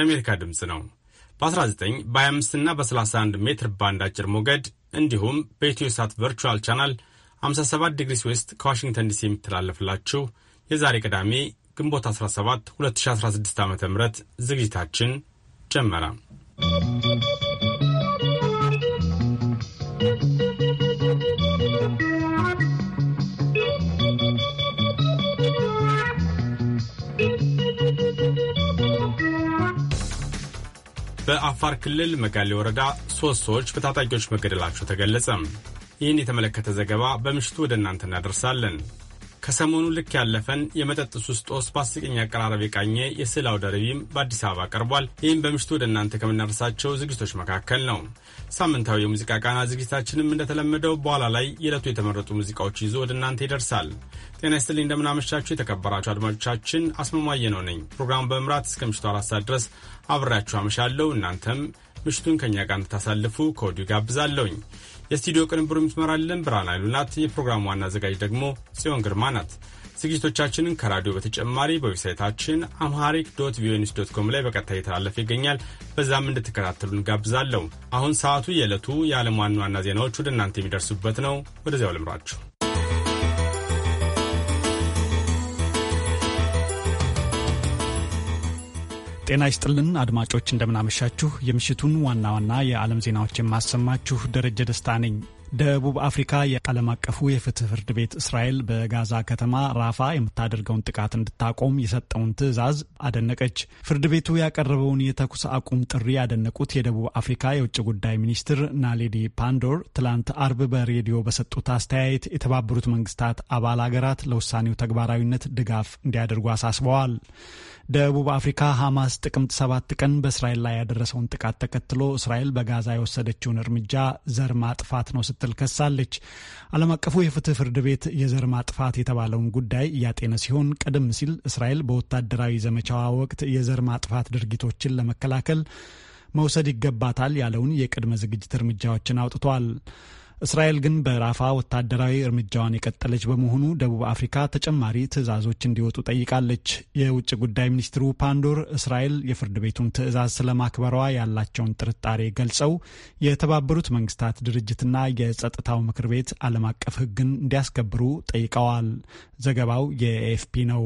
የአሜሪካ ድምፅ ነው። በ19 25 እና በ31 ሜትር ባንድ አጭር ሞገድ እንዲሁም በኢትዮ ሳት ቨርቹዋል ቻናል 57 ዲግሪስ ስዌስት ከዋሽንግተን ዲሲ የሚተላለፍላችሁ የዛሬ ቅዳሜ ግንቦት 17 2016 ዓ ም ዝግጅታችን ጀመረ። በአፋር ክልል መጋሌ ወረዳ ሶስት ሰዎች በታጣቂዎች መገደላቸው ተገለጸ። ይህን የተመለከተ ዘገባ በምሽቱ ወደ እናንተ እናደርሳለን። ከሰሞኑ ልክ ያለፈን የመጠጥ ሱስ ጦስ በአስቂኝ አቀራረብ የቃኘ የስዕል አውደ ርዕይም በአዲስ አበባ ቀርቧል። ይህም በምሽቱ ወደ እናንተ ከምናደርሳቸው ዝግጅቶች መካከል ነው። ሳምንታዊ የሙዚቃ ቃና ዝግጅታችንም እንደተለመደው በኋላ ላይ የዕለቱ የተመረጡ ሙዚቃዎች ይዞ ወደ እናንተ ይደርሳል። ጤና ይስጥልኝ፣ እንደምናመሻችሁ የተከበራችሁ አድማጮቻችን፣ አስመማየ ነው ነኝ። ፕሮግራሙ በመምራት እስከ ምሽቱ አራት ሰዓት ድረስ አብሬያችሁ አመሻለሁ። እናንተም ምሽቱን ከእኛ ጋር እንድታሳልፉ ከወዲሁ ጋብዛለሁኝ። የስቱዲዮ ቅንብሩ የምትመራልን ብርሃን ኃይሉ የፕሮግራሙ ዋና አዘጋጅ ደግሞ ጽዮን ግርማ ናት። ዝግጅቶቻችንን ከራዲዮ በተጨማሪ በዌብሳይታችን አምሃሪክ ዶት ቪኦኤ ዶት ኮም ላይ በቀጥታ እየተላለፈ ይገኛል። በዛም እንድትከታተሉ እንጋብዛለሁ። አሁን ሰዓቱ የዕለቱ የዓለም ዋና ዋና ዜናዎች ወደ እናንተ የሚደርሱበት ነው። ወደዚያው ልምራችሁ። ጤና ይስጥልን አድማጮች፣ እንደምናመሻችሁ። የምሽቱን ዋና ዋና የዓለም ዜናዎች የማሰማችሁ ደረጀ ደስታ ነኝ። ደቡብ አፍሪካ የዓለም አቀፉ የፍትህ ፍርድ ቤት እስራኤል በጋዛ ከተማ ራፋ የምታደርገውን ጥቃት እንድታቆም የሰጠውን ትዕዛዝ አደነቀች። ፍርድ ቤቱ ያቀረበውን የተኩስ አቁም ጥሪ ያደነቁት የደቡብ አፍሪካ የውጭ ጉዳይ ሚኒስትር ናሌዲ ፓንዶር ትላንት አርብ በሬዲዮ በሰጡት አስተያየት የተባበሩት መንግስታት አባል አገራት ለውሳኔው ተግባራዊነት ድጋፍ እንዲያደርጉ አሳስበዋል። ደቡብ አፍሪካ ሐማስ ጥቅምት ሰባት ቀን በእስራኤል ላይ ያደረሰውን ጥቃት ተከትሎ እስራኤል በጋዛ የወሰደችውን እርምጃ ዘር ማጥፋት ነው ስትል ከሳለች። ዓለም አቀፉ የፍትህ ፍርድ ቤት የዘር ማጥፋት የተባለውን ጉዳይ እያጤነ ሲሆን ቀደም ሲል እስራኤል በወታደራዊ ዘመቻዋ ወቅት የዘር ማጥፋት ድርጊቶችን ለመከላከል መውሰድ ይገባታል ያለውን የቅድመ ዝግጅት እርምጃዎችን አውጥቷል። እስራኤል ግን በራፋ ወታደራዊ እርምጃዋን የቀጠለች በመሆኑ ደቡብ አፍሪካ ተጨማሪ ትዕዛዞች እንዲወጡ ጠይቃለች። የውጭ ጉዳይ ሚኒስትሩ ፓንዶር እስራኤል የፍርድ ቤቱን ትዕዛዝ ስለማክበሯ ያላቸውን ጥርጣሬ ገልጸው የተባበሩት መንግስታት ድርጅትና የጸጥታው ምክር ቤት ዓለም አቀፍ ሕግን እንዲያስከብሩ ጠይቀዋል። ዘገባው የኤኤፍፒ ነው።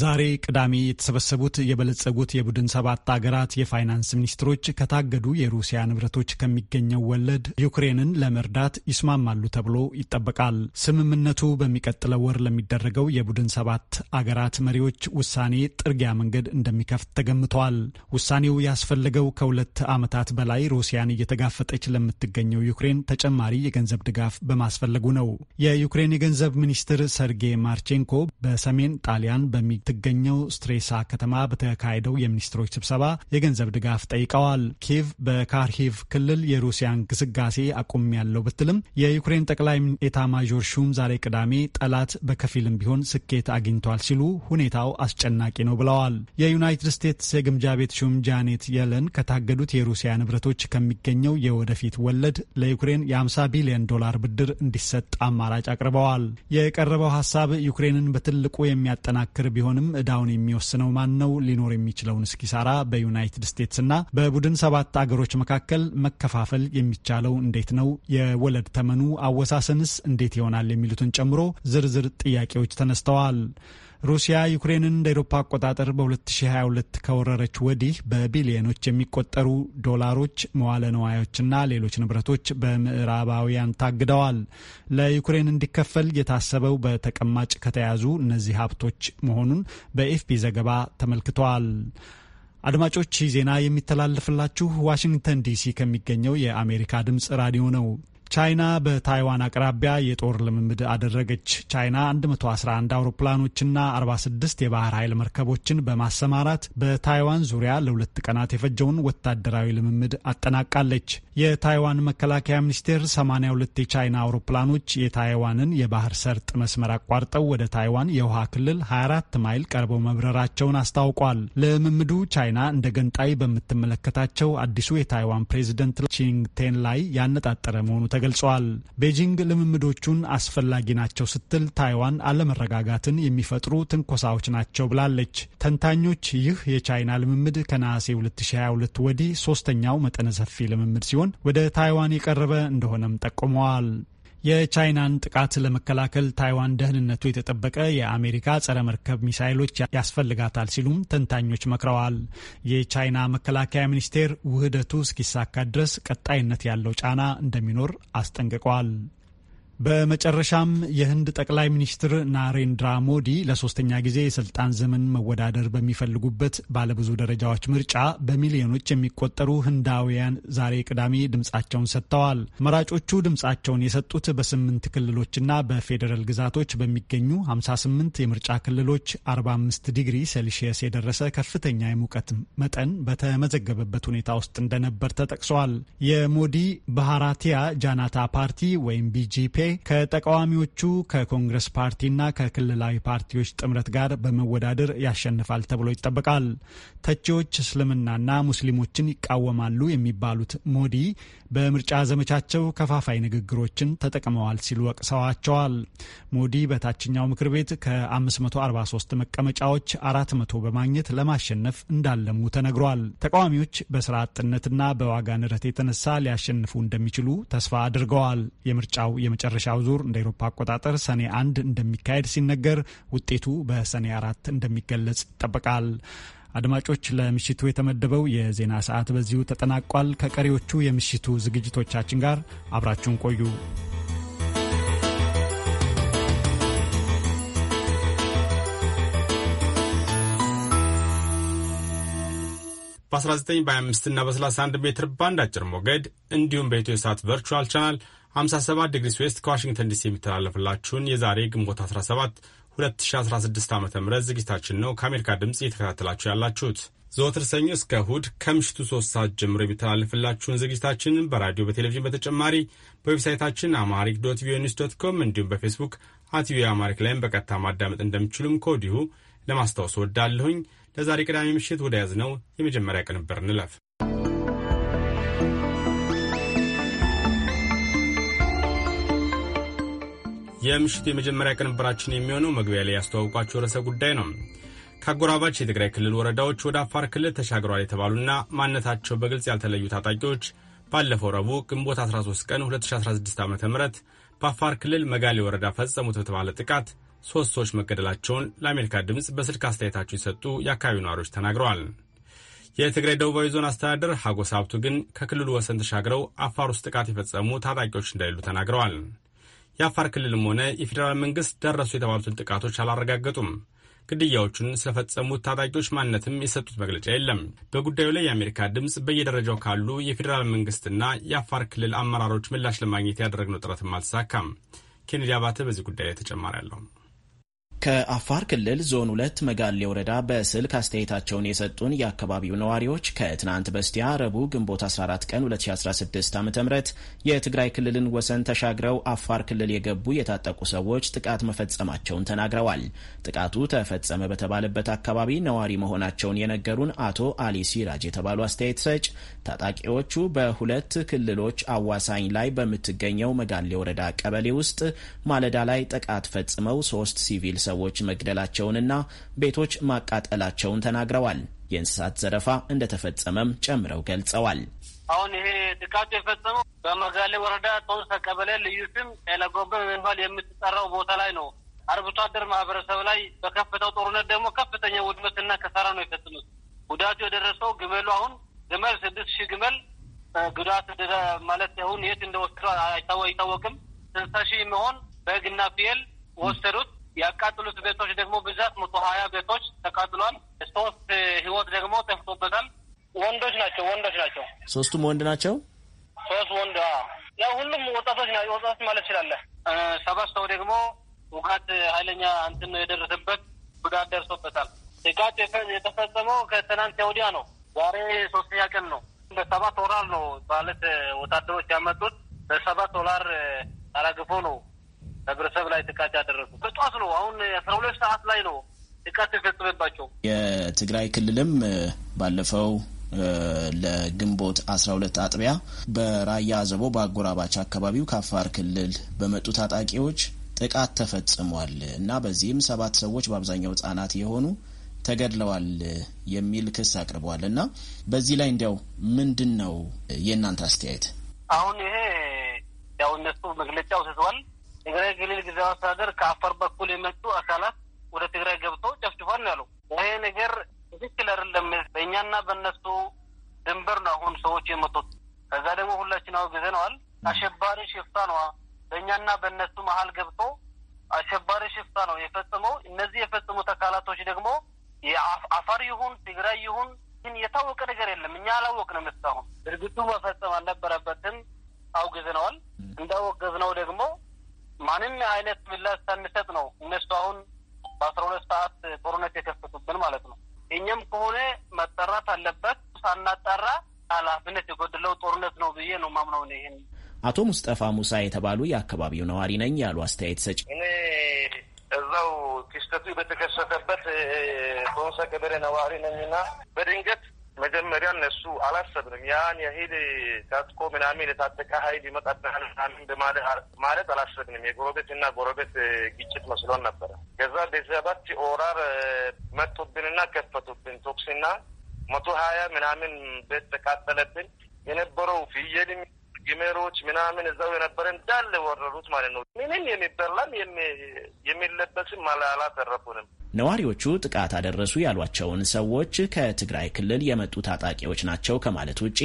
ዛሬ ቅዳሜ የተሰበሰቡት የበለጸጉት የቡድን ሰባት አገራት የፋይናንስ ሚኒስትሮች ከታገዱ የሩሲያ ንብረቶች ከሚገኘው ወለድ ዩክሬንን ለመርዳት ይስማማሉ ተብሎ ይጠበቃል። ስምምነቱ በሚቀጥለው ወር ለሚደረገው የቡድን ሰባት አገራት መሪዎች ውሳኔ ጥርጊያ መንገድ እንደሚከፍት ተገምተዋል። ውሳኔው ያስፈለገው ከሁለት ዓመታት በላይ ሩሲያን እየተጋፈጠች ለምትገኘው ዩክሬን ተጨማሪ የገንዘብ ድጋፍ በማስፈለጉ ነው። የዩክሬን የገንዘብ ሚኒስትር ሰርጌይ ማርቼንኮ በሰሜን ጣሊያን በሚ በምትገኘው ስትሬሳ ከተማ በተካሄደው የሚኒስትሮች ስብሰባ የገንዘብ ድጋፍ ጠይቀዋል። ኪቭ በካርኪቭ ክልል የሩሲያ ግስጋሴ አቁም ያለው ብትልም የዩክሬን ጠቅላይ ኤታ ማዦር ሹም ዛሬ ቅዳሜ ጠላት በከፊልም ቢሆን ስኬት አግኝቷል ሲሉ ሁኔታው አስጨናቂ ነው ብለዋል። የዩናይትድ ስቴትስ የግምጃ ቤት ሹም ጃኔት የለን ከታገዱት የሩሲያ ንብረቶች ከሚገኘው የወደፊት ወለድ ለዩክሬን የ50 ቢሊዮን ዶላር ብድር እንዲሰጥ አማራጭ አቅርበዋል። የቀረበው ሀሳብ ዩክሬንን በትልቁ የሚያጠናክር ቢሆን ቢሆንም እዳውን የሚወስነው ማን ነው? ሊኖር የሚችለውን ኪሳራ በዩናይትድ ስቴትስና በቡድን ሰባት አገሮች መካከል መከፋፈል የሚቻለው እንዴት ነው? የወለድ ተመኑ አወሳሰንስ እንዴት ይሆናል? የሚሉትን ጨምሮ ዝርዝር ጥያቄዎች ተነስተዋል። ሩሲያ ዩክሬንን እንደ ኤሮፓ አቆጣጠር በ2022 ከወረረች ወዲህ በቢሊዮኖች የሚቆጠሩ ዶላሮች መዋለ ነዋዮችና ሌሎች ንብረቶች በምዕራባውያን ታግደዋል። ለዩክሬን እንዲከፈል የታሰበው በተቀማጭ ከተያዙ እነዚህ ሀብቶች መሆኑን በኤፍፒ ዘገባ ተመልክተዋል። አድማጮች ይህ ዜና የሚተላለፍላችሁ ዋሽንግተን ዲሲ ከሚገኘው የአሜሪካ ድምፅ ራዲዮ ነው። ቻይና በታይዋን አቅራቢያ የጦር ልምምድ አደረገች። ቻይና 111 አውሮፕላኖችና 46 የባህር ኃይል መርከቦችን በማሰማራት በታይዋን ዙሪያ ለሁለት ቀናት የፈጀውን ወታደራዊ ልምምድ አጠናቃለች። የታይዋን መከላከያ ሚኒስቴር 82 የቻይና አውሮፕላኖች የታይዋንን የባህር ሰርጥ መስመር አቋርጠው ወደ ታይዋን የውሃ ክልል 24 ማይል ቀርበው መብረራቸውን አስታውቋል። ልምምዱ ቻይና እንደ ገንጣይ በምትመለከታቸው አዲሱ የታይዋን ፕሬዝደንት ቺንግቴን ላይ ያነጣጠረ መሆኑ ተገልጸዋል። ቤጂንግ ልምምዶቹን አስፈላጊ ናቸው ስትል ታይዋን አለመረጋጋትን የሚፈጥሩ ትንኮሳዎች ናቸው ብላለች። ተንታኞች ይህ የቻይና ልምምድ ከነሐሴ 2022 ወዲህ ሶስተኛው መጠነ ሰፊ ልምምድ ሲሆን ወደ ታይዋን የቀረበ እንደሆነም ጠቁመዋል። የቻይናን ጥቃት ለመከላከል ታይዋን ደህንነቱ የተጠበቀ የአሜሪካ ጸረ መርከብ ሚሳይሎች ያስፈልጋታል ሲሉም ተንታኞች መክረዋል። የቻይና መከላከያ ሚኒስቴር ውህደቱ እስኪሳካ ድረስ ቀጣይነት ያለው ጫና እንደሚኖር አስጠንቅቋል። በመጨረሻም የህንድ ጠቅላይ ሚኒስትር ናሬንድራ ሞዲ ለሶስተኛ ጊዜ የስልጣን ዘመን መወዳደር በሚፈልጉበት ባለብዙ ደረጃዎች ምርጫ በሚሊዮኖች የሚቆጠሩ ህንዳውያን ዛሬ ቅዳሜ ድምፃቸውን ሰጥተዋል። መራጮቹ ድምፃቸውን የሰጡት በስምንት ክልሎችና በፌዴራል ግዛቶች በሚገኙ 58 የምርጫ ክልሎች 45 ዲግሪ ሴልሺየስ የደረሰ ከፍተኛ የሙቀት መጠን በተመዘገበበት ሁኔታ ውስጥ እንደነበር ተጠቅሷል። የሞዲ ባህራቲያ ጃናታ ፓርቲ ወይም ቢጂፔ ከተቃዋሚዎቹ ከኮንግረስ ፓርቲና ከክልላዊ ፓርቲዎች ጥምረት ጋር በመወዳደር ያሸንፋል ተብሎ ይጠበቃል። ተቺዎች እስልምናና ሙስሊሞችን ይቃወማሉ የሚባሉት ሞዲ በምርጫ ዘመቻቸው ከፋፋይ ንግግሮችን ተጠቅመዋል ሲሉ ወቅሰዋቸዋል። ሞዲ በታችኛው ምክር ቤት ከ543 መቀመጫዎች 400 በማግኘት ለማሸነፍ እንዳለሙ ተነግሯል። ተቃዋሚዎች በስራ አጥነትና በዋጋ ንረት የተነሳ ሊያሸንፉ እንደሚችሉ ተስፋ አድርገዋል። የምርጫው የመጨረሻው ዙር እንደ ኤሮፓ አቆጣጠር ሰኔ አንድ እንደሚካሄድ ሲነገር ውጤቱ በሰኔ አራት እንደሚገለጽ ይጠበቃል። አድማጮች፣ ለምሽቱ የተመደበው የዜና ሰዓት በዚሁ ተጠናቋል። ከቀሪዎቹ የምሽቱ ዝግጅቶቻችን ጋር አብራችሁን ቆዩ። በ19 በ25 እና በ31 ሜትር ባንድ አጭር ሞገድ እንዲሁም በኢትዮ ሳት ቨርቹዋል ቻናል 57 ዲግሪ ስዌስት ከዋሽንግተን ዲሲ የሚተላለፍላችሁን የዛሬ ግንቦት 17 2016 ዓ ም ዝግጅታችን ነው ከአሜሪካ ድምፅ እየተከታተላችሁ ያላችሁት። ዘወትር ሰኞ እስከ እሁድ ከምሽቱ ሶስት ሰዓት ጀምሮ የሚተላለፍላችሁን ዝግጅታችን በራዲዮ በቴሌቪዥን በተጨማሪ በዌብሳይታችን አማሪክ ዶት ቪኦኤ ኒውስ ዶት ኮም እንዲሁም በፌስቡክ አት ቪኦኤ አማሪክ ላይም በቀጥታ ማዳመጥ እንደምችሉም ከወዲሁ ለማስታወስ ወዳለሁኝ። ለዛሬ ቅዳሜ ምሽት ወደ ያዝነው የመጀመሪያ ቅንብር እንለፍ። የምሽቱ የመጀመሪያ ቅንብራችን የሚሆነው መግቢያ ላይ ያስተዋውቋቸው ርዕሰ ጉዳይ ነው። ከአጎራባች የትግራይ ክልል ወረዳዎች ወደ አፋር ክልል ተሻግረዋል የተባሉና ማንነታቸው በግልጽ ያልተለዩ ታጣቂዎች ባለፈው ረቡዕ ግንቦት 13 ቀን 2016 ዓ ም በአፋር ክልል መጋሌ ወረዳ ፈጸሙት በተባለ ጥቃት ሶስት ሰዎች መገደላቸውን ለአሜሪካ ድምፅ በስልክ አስተያየታቸው የሰጡ የአካባቢው ነዋሪዎች ተናግረዋል። የትግራይ ደቡባዊ ዞን አስተዳደር ሀጎስ ሀብቱ ግን ከክልሉ ወሰን ተሻግረው አፋር ውስጥ ጥቃት የፈጸሙ ታጣቂዎች እንዳይሉ ተናግረዋል። የአፋር ክልልም ሆነ የፌዴራል መንግስት ደረሱ የተባሉትን ጥቃቶች አላረጋገጡም። ግድያዎቹን ስለፈጸሙት ታጣቂዎች ማንነትም የሰጡት መግለጫ የለም። በጉዳዩ ላይ የአሜሪካ ድምፅ በየደረጃው ካሉ የፌዴራል መንግስትና የአፋር ክልል አመራሮች ምላሽ ለማግኘት ያደረግነው ጥረትም አልተሳካም። ኬኔዲ አባተ በዚህ ጉዳይ ላይ ተጨማሪ አለው። ከአፋር ክልል ዞን ሁለት መጋሌ ወረዳ በስልክ አስተያየታቸውን የሰጡን የአካባቢው ነዋሪዎች ከትናንት በስቲያ ረቡዕ ግንቦት 14 ቀን 2016 ዓ ም የትግራይ ክልልን ወሰን ተሻግረው አፋር ክልል የገቡ የታጠቁ ሰዎች ጥቃት መፈጸማቸውን ተናግረዋል። ጥቃቱ ተፈጸመ በተባለበት አካባቢ ነዋሪ መሆናቸውን የነገሩን አቶ አሊ ሲራጅ የተባሉ አስተያየት ሰጭ ታጣቂዎቹ በሁለት ክልሎች አዋሳኝ ላይ በምትገኘው መጋሌ ወረዳ ቀበሌ ውስጥ ማለዳ ላይ ጥቃት ፈጽመው ሶስት ሲቪል ሰዎች መግደላቸውንና ቤቶች ማቃጠላቸውን ተናግረዋል። የእንስሳት ዘረፋ እንደተፈጸመም ጨምረው ገልጸዋል። አሁን ይሄ ጥቃቱ የፈጸመው በመጋሌ ወረዳ ጦንሳ ቀበሌ ልዩ ስም ኤለጎበ በመባል የምትጠራው ቦታ ላይ ነው። አርብቶ አደር ማህበረሰብ ላይ በከፍተው ጦርነት ደግሞ ከፍተኛ ውድመትና ከሳራ ነው የፈጸሙት። ጉዳቱ የደረሰው ግመሉ አሁን ግመል ስድስት ሺህ ግመል ጉዳት ማለት አሁን የት እንደወሰዱ አይታወቅም። ስልሳ ሺህ መሆን በግና ፍየል ወሰዱት። ያቃጥሉት ቤቶች ደግሞ ብዛት መቶ ሀያ ቤቶች ተቃጥሏል። ሶስት ህይወት ደግሞ ጠፍቶበታል። ወንዶች ናቸው ወንዶች ናቸው። ሶስቱም ወንድ ናቸው። ሶስት ወንድ ያ ሁሉም ወጣቶች ናቸው። ወጣቶች ማለት ይችላለህ። ሰባት ሰው ደግሞ ውጋት ኃይለኛ እንትን ነው የደረሰበት ጉዳት ደርሶበታል። ጥቃት የተፈጸመው ከትናንት ወዲያ ነው። ዛሬ ሶስተኛ ቀን ነው። በሰባት ወራር ነው ማለት ወታደሮች ያመጡት በሰባት ወራር አራግፎ ነው ህብረተሰብ ላይ ጥቃት ያደረሱ በጠዋት ነው። አሁን አስራ ሁለት ሰዓት ላይ ነው ጥቃት የፈጸመባቸው። የትግራይ ክልልም ባለፈው ለግንቦት 12 አጥቢያ በራያ አዘቦ በአጎራባች አካባቢው ከአፋር ክልል በመጡ ታጣቂዎች ጥቃት ተፈጽሟል እና በዚህም ሰባት ሰዎች በአብዛኛው ህጻናት የሆኑ ተገድለዋል የሚል ክስ አቅርበዋል እና በዚህ ላይ እንዲያው ምንድን ነው የእናንተ አስተያየት? አሁን ይሄ ያው እነሱ መግለጫ ወስደዋል። ትግራይ ክልል ጊዜያዊ አስተዳደር ከአፋር በኩል የመጡ አካላት ወደ ትግራይ ገብተው ጨፍጭፏል ነው ያለው። ይሄ ነገር ትክክል አይደለም። በእኛና በእነሱ ድንበር ነው አሁን ሰዎች የመጡት። ከዛ ደግሞ ሁላችን አውግዘነዋል። አሸባሪ ሽፍታ ነዋ። በእኛና በእነሱ መሀል ገብቶ አሸባሪ ሽፍታ ነው የፈጽመው። እነዚህ የፈጽሙት አካላቶች ደግሞ የአፋር ይሁን ትግራይ ይሁን ግን የታወቀ ነገር የለም። እኛ አላወቅንም እስካሁን። ድርጊቱ መፈጸም አልነበረበትም፣ አውግዘነዋል። እንዳወገዝነው ደግሞ ማንም አይነት ምላሽ ሳንሰጥ ነው እነሱ አሁን በአስራ ሁለት ሰዓት ጦርነት የከፈቱብን ማለት ነው። እኛም ከሆነ መጠራት አለበት። ሳናጠራ ኃላፊነት የጎደለው ጦርነት ነው ብዬ ነው ማምነው ይህን አቶ ሙስጠፋ ሙሳ የተባሉ የአካባቢው ነዋሪ ነኝ ያሉ አስተያየት ሰጭ እዛው ክስተቱ በተከሰተበት ቶንሰ ገበሬ ነዋሪ ነኝና በድንገት መጀመሪያ እነሱ አላሰብንም። ያን ያህል ታጥቆ ምናምን የታጠቀ ሀይል ይመጣብናል ምናምን ማለት አላሰብንም። የጎረቤት እና ጎረቤት ግጭት መስሎን ነበረ። ከዛ ቤዛባት ኦራር መጡብንና ከፈቱብን ቶክሲና መቶ ሀያ ምናምን ቤት ተቃጠለብን። የነበረው ፍየልም ግመሎች ምናምን እዛው የነበረ እንዳለ ወረሩት ማለት ነው። ምንም የሚበላም የሚለበስም አላተረፉንም። ነዋሪዎቹ ጥቃት አደረሱ ያሏቸውን ሰዎች ከትግራይ ክልል የመጡ ታጣቂዎች ናቸው ከማለት ውጪ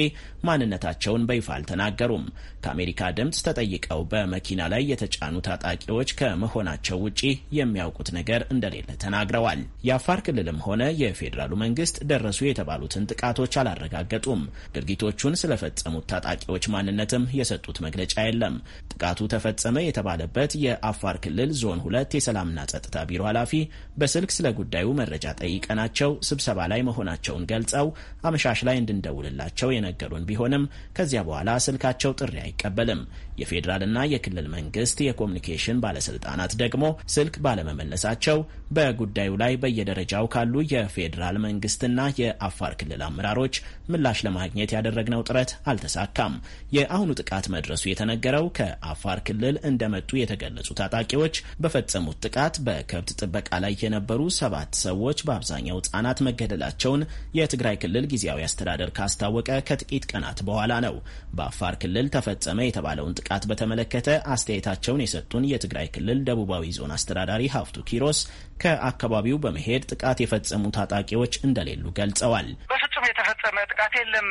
ማንነታቸውን በይፋ አልተናገሩም። ከአሜሪካ ድምፅ ተጠይቀው በመኪና ላይ የተጫኑ ታጣቂዎች ከመሆናቸው ውጪ የሚያውቁት ነገር እንደሌለ ተናግረዋል። የአፋር ክልልም ሆነ የፌዴራሉ መንግስት ደረሱ የተባሉትን ጥቃቶች አላረጋገጡም። ድርጊቶቹን ስለፈጸሙት ታጣቂዎች ማንነትም የሰጡት መግለጫ የለም። ጥቃቱ ተፈጸመ የተባለ የተጣለበት የአፋር ክልል ዞን ሁለት የሰላምና ጸጥታ ቢሮ ኃላፊ በስልክ ስለ ጉዳዩ መረጃ ጠይቀናቸው ስብሰባ ላይ መሆናቸውን ገልጸው አመሻሽ ላይ እንድንደውልላቸው የነገሩን ቢሆንም ከዚያ በኋላ ስልካቸው ጥሪ አይቀበልም። የፌዴራልና የክልል መንግስት የኮሚኒኬሽን ባለስልጣናት ደግሞ ስልክ ባለመመለሳቸው በጉዳዩ ላይ በየደረጃው ካሉ የፌዴራል መንግስትና የአፋር ክልል አመራሮች ምላሽ ለማግኘት ያደረግነው ጥረት አልተሳካም። የአሁኑ ጥቃት መድረሱ የተነገረው ከአፋር ክልል እንደመጡ የተገለጹ ታጣቂዎች በፈጸሙት ጥቃት በከብት ጥበቃ ላይ የነበሩ ሰባት ሰዎች በአብዛኛው ህጻናት መገደላቸውን የትግራይ ክልል ጊዜያዊ አስተዳደር ካስታወቀ ከጥቂት ቀናት በኋላ ነው። በአፋር ክልል ተፈጸመ የተባለውን ጥቃት ጥቃት በተመለከተ አስተያየታቸውን የሰጡን የትግራይ ክልል ደቡባዊ ዞን አስተዳዳሪ ሀፍቱ ኪሮስ ከአካባቢው በመሄድ ጥቃት የፈጸሙ ታጣቂዎች እንደሌሉ ገልጸዋል። በፍጹም የተፈጸመ ጥቃት የለም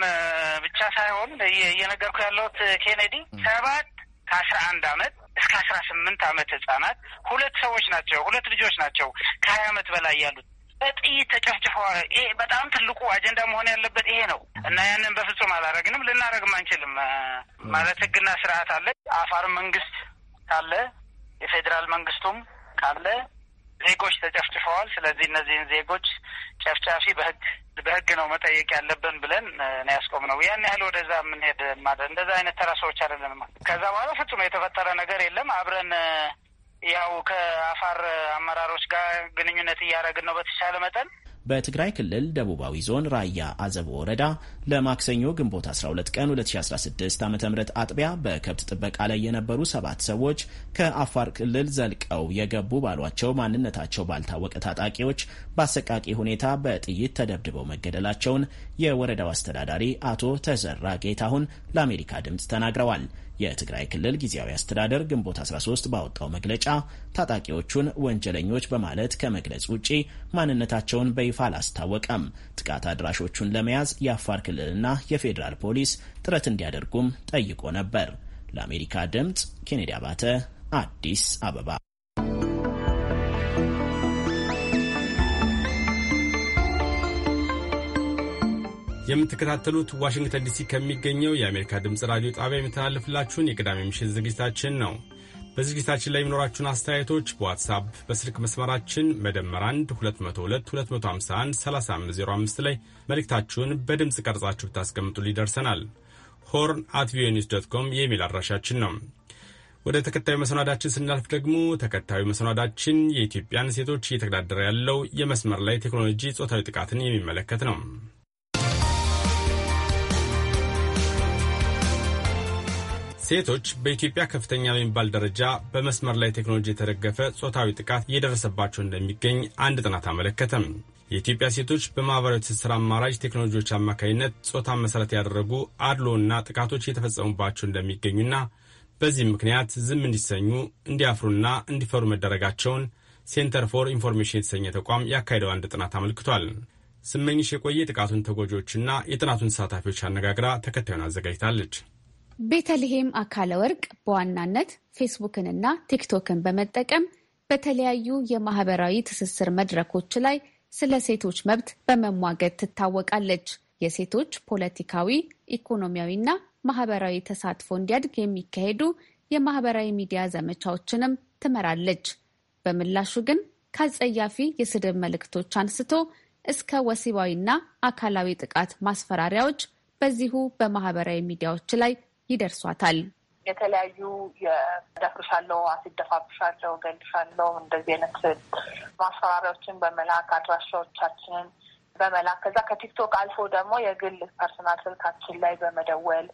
ብቻ ሳይሆን እየነገርኩ ያለሁት ኬኔዲ ሰባት ከአስራ አንድ አመት እስከ አስራ ስምንት አመት ህጻናት ሁለት ሰዎች ናቸው። ሁለት ልጆች ናቸው ከሀያ አመት በላይ ያሉት በጥይት ተጨፍጭፈዋል። ይሄ በጣም ትልቁ አጀንዳ መሆን ያለበት ይሄ ነው እና ያንን በፍጹም አላረግንም፣ ልናረግም አንችልም። ማለት ህግና ስርዓት አለ። አፋር መንግስት ካለ የፌዴራል መንግስቱም ካለ ዜጎች ተጨፍጭፈዋል። ስለዚህ እነዚህን ዜጎች ጨፍጫፊ በህግ በህግ ነው መጠየቅ ያለብን ብለን ነው ያስቆምነው። ያን ያህል ወደዛ የምንሄድ እንደዛ አይነት ተራ ሰዎች አይደለንም። ከዛ በኋላ ፍጹም የተፈጠረ ነገር የለም አብረን ያው ከአፋር አመራሮች ጋር ግንኙነት እያደረግን ነው በተቻለ መጠን። በትግራይ ክልል ደቡባዊ ዞን ራያ አዘቦ ወረዳ ለማክሰኞ ግንቦት 12 ቀን 2016 ዓ ም አጥቢያ በከብት ጥበቃ ላይ የነበሩ ሰባት ሰዎች ከአፋር ክልል ዘልቀው የገቡ ባሏቸው ማንነታቸው ባልታወቀ ታጣቂዎች በአሰቃቂ ሁኔታ በጥይት ተደብድበው መገደላቸውን የወረዳው አስተዳዳሪ አቶ ተዘራ ጌታሁን ለአሜሪካ ድምፅ ተናግረዋል። የትግራይ ክልል ጊዜያዊ አስተዳደር ግንቦት 13 ባወጣው መግለጫ ታጣቂዎቹን ወንጀለኞች በማለት ከመግለጽ ውጪ ማንነታቸውን በይፋ አላስታወቀም። ጥቃት አድራሾቹን ለመያዝ የአፋር ክልልና የፌዴራል ፖሊስ ጥረት እንዲያደርጉም ጠይቆ ነበር። ለአሜሪካ ድምፅ ኬኔዲ አባተ አዲስ አበባ የምትከታተሉት ዋሽንግተን ዲሲ ከሚገኘው የአሜሪካ ድምፅ ራዲዮ ጣቢያ የሚተላለፍላችሁን የቅዳሜ ምሽት ዝግጅታችን ነው። በዝግጅታችን ላይ የሚኖራችሁን አስተያየቶች በዋትሳፕ በስልክ መስመራችን መደመር 1 202 251 3505 ላይ መልእክታችሁን በድምፅ ቀርጻችሁ ብታስቀምጡ ይደርሰናል። ሆርን አት ቪኦኤ ኒውስ ዶት ኮም የኢሜል አድራሻችን ነው። ወደ ተከታዩ መሰናዳችን ስናልፍ ደግሞ ተከታዩ መሰናዳችን የኢትዮጵያን ሴቶች እየተገዳደረ ያለው የመስመር ላይ ቴክኖሎጂ ጾታዊ ጥቃትን የሚመለከት ነው። ሴቶች በኢትዮጵያ ከፍተኛ በሚባል ደረጃ በመስመር ላይ ቴክኖሎጂ የተደገፈ ጾታዊ ጥቃት እየደረሰባቸው እንደሚገኝ አንድ ጥናት አመለከተም። የኢትዮጵያ ሴቶች በማኅበራዊ ትስስር አማራጭ ቴክኖሎጂዎች አማካኝነት ጾታ መሠረት ያደረጉ አድሎና ጥቃቶች እየተፈጸሙባቸው እንደሚገኙና በዚህም ምክንያት ዝም እንዲሰኙ እንዲያፍሩና እንዲፈሩ መደረጋቸውን ሴንተር ፎር ኢንፎርሜሽን የተሰኘ ተቋም ያካሄደው አንድ ጥናት አመልክቷል። ስመኝሽ የቆየ ጥቃቱን ተጎጂዎችና የጥናቱን ተሳታፊዎች አነጋግራ ተከታዩን አዘጋጅታለች። ቤተልሔም አካለ ወርቅ በዋናነት ፌስቡክንና ቲክቶክን በመጠቀም በተለያዩ የማህበራዊ ትስስር መድረኮች ላይ ስለ ሴቶች መብት በመሟገት ትታወቃለች። የሴቶች ፖለቲካዊ፣ ኢኮኖሚያዊና ማህበራዊ ተሳትፎ እንዲያድግ የሚካሄዱ የማህበራዊ ሚዲያ ዘመቻዎችንም ትመራለች። በምላሹ ግን ከአጸያፊ የስድብ መልእክቶች አንስቶ እስከ ወሲባዊና አካላዊ ጥቃት ማስፈራሪያዎች በዚሁ በማህበራዊ ሚዲያዎች ላይ ይደርሷታል። የተለያዩ የደፍርሻለው፣ አስደፋብሻለው፣ ገልሻለው እንደዚህ አይነት ማስፈራሪያዎችን በመላክ አድራሻዎቻችንን በመላክ ከዛ ከቲክቶክ አልፎ ደግሞ የግል ፐርሰናል ስልካችን ላይ በመደወል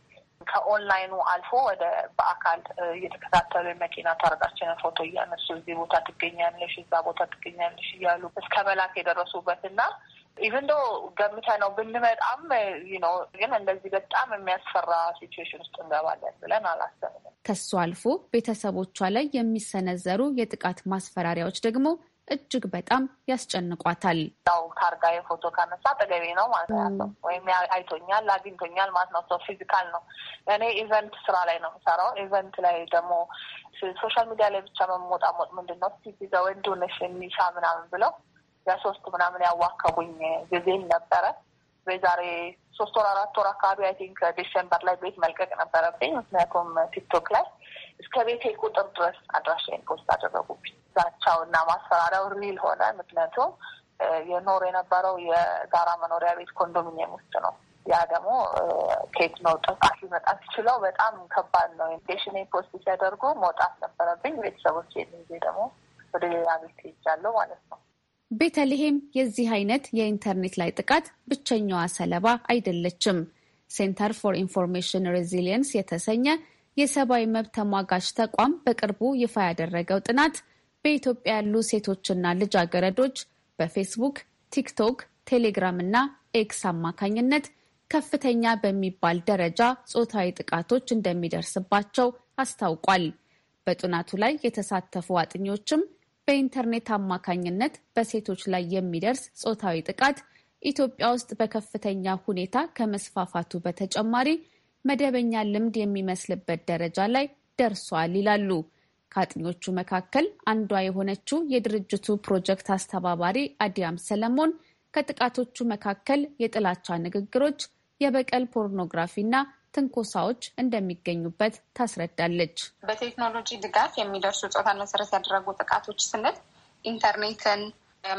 ከኦንላይኑ አልፎ ወደ በአካል እየተከታተሉ የመኪና ታርጋችንን ፎቶ እያነሱ እዚህ ቦታ ትገኛለሽ፣ እዛ ቦታ ትገኛለሽ እያሉ እስከ መላክ የደረሱበት እና ኢቨን ዶ ገምተ ነው ብንመጣም ነው ግን እንደዚህ በጣም የሚያስፈራ ሲትዌሽን ውስጥ እንገባለን ብለን አላሰብንም። ከሱ አልፎ ቤተሰቦቿ ላይ የሚሰነዘሩ የጥቃት ማስፈራሪያዎች ደግሞ እጅግ በጣም ያስጨንቋታል። ያው ካርጋዬ የፎቶ ካነሳ አጠገቤ ነው ማለት ነው፣ ወይም አይቶኛል አግኝቶኛል ማለት ነው። ሰው ፊዚካል ነው። እኔ ኢቨንት ስራ ላይ ነው የምሰራው። ኢቨንት ላይ ደግሞ ሶሻል ሚዲያ ላይ ብቻ መሞጣሞጥ ምንድን ነው ሲዛ ወንድ ሆነሽ ምናምን ብለው ለሶስት ምናምን ያዋከቡኝ ጊዜም ነበረ። በዛሬ ሶስት ወር አራት ወር አካባቢ አይ ቲንክ ዲሴምበር ላይ ቤት መልቀቅ ነበረብኝ። ምክንያቱም ቲክቶክ ላይ እስከ ቤቴ ቁጥር ድረስ አድራሻዬን ፖስት አደረጉብኝ። ዛቻው እና ማስፈራሪያው ሪል ሆነ። ምክንያቱም የኖር የነበረው የጋራ መኖሪያ ቤት ኮንዶሚኒየም ውስጥ ነው። ያ ደግሞ ከየት ነው ጥቃት ሊመጣ ትችለው? በጣም ከባድ ነው። ኢንዴሽን ፖስት ሲያደርጉ መውጣት ነበረብኝ። ቤተሰቦች ጊዜ ደግሞ ወደ ሌላ ቤት ሄጃለሁ ማለት ነው። ቤተልሔም የዚህ አይነት የኢንተርኔት ላይ ጥቃት ብቸኛዋ ሰለባ አይደለችም። ሴንተር ፎር ኢንፎርሜሽን ሬዚሊየንስ የተሰኘ የሰብአዊ መብት ተሟጋች ተቋም በቅርቡ ይፋ ያደረገው ጥናት በኢትዮጵያ ያሉ ሴቶችና ልጃገረዶች በፌስቡክ፣ ቲክቶክ፣ ቴሌግራም እና ኤክስ አማካኝነት ከፍተኛ በሚባል ደረጃ ጾታዊ ጥቃቶች እንደሚደርስባቸው አስታውቋል። በጥናቱ ላይ የተሳተፉ አጥኚዎችም በኢንተርኔት አማካኝነት በሴቶች ላይ የሚደርስ ጾታዊ ጥቃት ኢትዮጵያ ውስጥ በከፍተኛ ሁኔታ ከመስፋፋቱ በተጨማሪ መደበኛ ልምድ የሚመስልበት ደረጃ ላይ ደርሷል ይላሉ። ከአጥኚዎቹ መካከል አንዷ የሆነችው የድርጅቱ ፕሮጀክት አስተባባሪ አዲያም ሰለሞን ከጥቃቶቹ መካከል የጥላቻ ንግግሮች፣ የበቀል ፖርኖግራፊና ትንኮሳዎች እንደሚገኙበት ታስረዳለች። በቴክኖሎጂ ድጋፍ የሚደርሱ ጾታን መሰረት ያደረጉ ጥቃቶች ስንል ኢንተርኔትን፣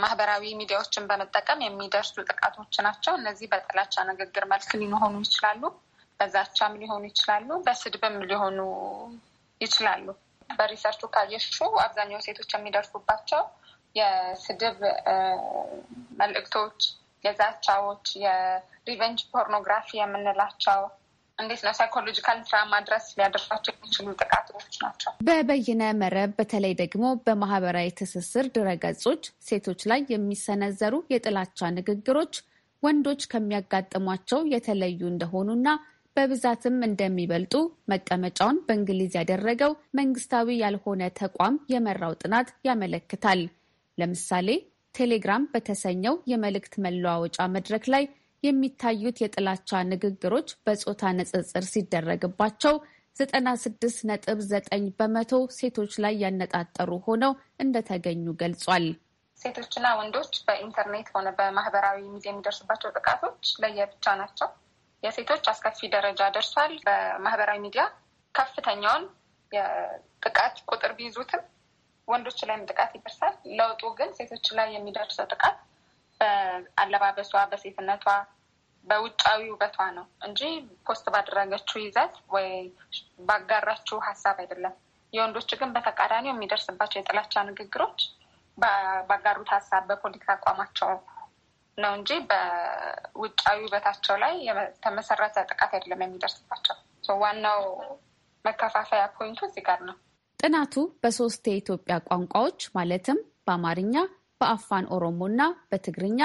ማህበራዊ ሚዲያዎችን በመጠቀም የሚደርሱ ጥቃቶች ናቸው። እነዚህ በጥላቻ ንግግር መልክ ሊሆኑ ይችላሉ፣ በዛቻም ሊሆኑ ይችላሉ፣ በስድብም ሊሆኑ ይችላሉ። በሪሰርቹ ካየሹ አብዛኛው ሴቶች የሚደርሱባቸው የስድብ መልእክቶች፣ የዛቻዎች፣ የሪቨንጅ ፖርኖግራፊ የምንላቸው እንዴት ነው ሳይኮሎጂካል ትራውማ ድረስ ሊያደርሳቸው የሚችሉ ጥቃቶች ናቸው። በበይነ መረብ በተለይ ደግሞ በማህበራዊ ትስስር ድረገጾች ሴቶች ላይ የሚሰነዘሩ የጥላቻ ንግግሮች ወንዶች ከሚያጋጥሟቸው የተለዩ እንደሆኑና በብዛትም እንደሚበልጡ መቀመጫውን በእንግሊዝ ያደረገው መንግስታዊ ያልሆነ ተቋም የመራው ጥናት ያመለክታል። ለምሳሌ ቴሌግራም በተሰኘው የመልእክት መለዋወጫ መድረክ ላይ የሚታዩት የጥላቻ ንግግሮች በጾታ ንጽጽር ሲደረግባቸው 96.9 በመቶ ሴቶች ላይ ያነጣጠሩ ሆነው እንደተገኙ ገልጿል። ሴቶችና ወንዶች በኢንተርኔት ሆነ በማህበራዊ ሚዲያ የሚደርሱባቸው ጥቃቶች ለየብቻ ናቸው። የሴቶች አስከፊ ደረጃ ደርሷል። በማህበራዊ ሚዲያ ከፍተኛውን የጥቃት ቁጥር ቢይዙትም ወንዶች ላይም ጥቃት ይደርሳል። ለውጡ ግን ሴቶች ላይ የሚደርሰው ጥቃት በአለባበሷ፣ በሴትነቷ፣ በውጫዊ ውበቷ ነው እንጂ ፖስት ባደረገችው ይዘት ወይ ባጋራችው ሀሳብ አይደለም። የወንዶች ግን በተቃራኒው የሚደርስባቸው የጥላቻ ንግግሮች ባጋሩት ሀሳብ፣ በፖለቲካ አቋማቸው ነው እንጂ በውጫዊ ውበታቸው ላይ የተመሰረተ ጥቃት አይደለም የሚደርስባቸው። ዋናው መከፋፈያ ፖይንቱ እዚህ ጋር ነው። ጥናቱ በሶስት የኢትዮጵያ ቋንቋዎች ማለትም በአማርኛ፣ በአፋን ኦሮሞና በትግርኛ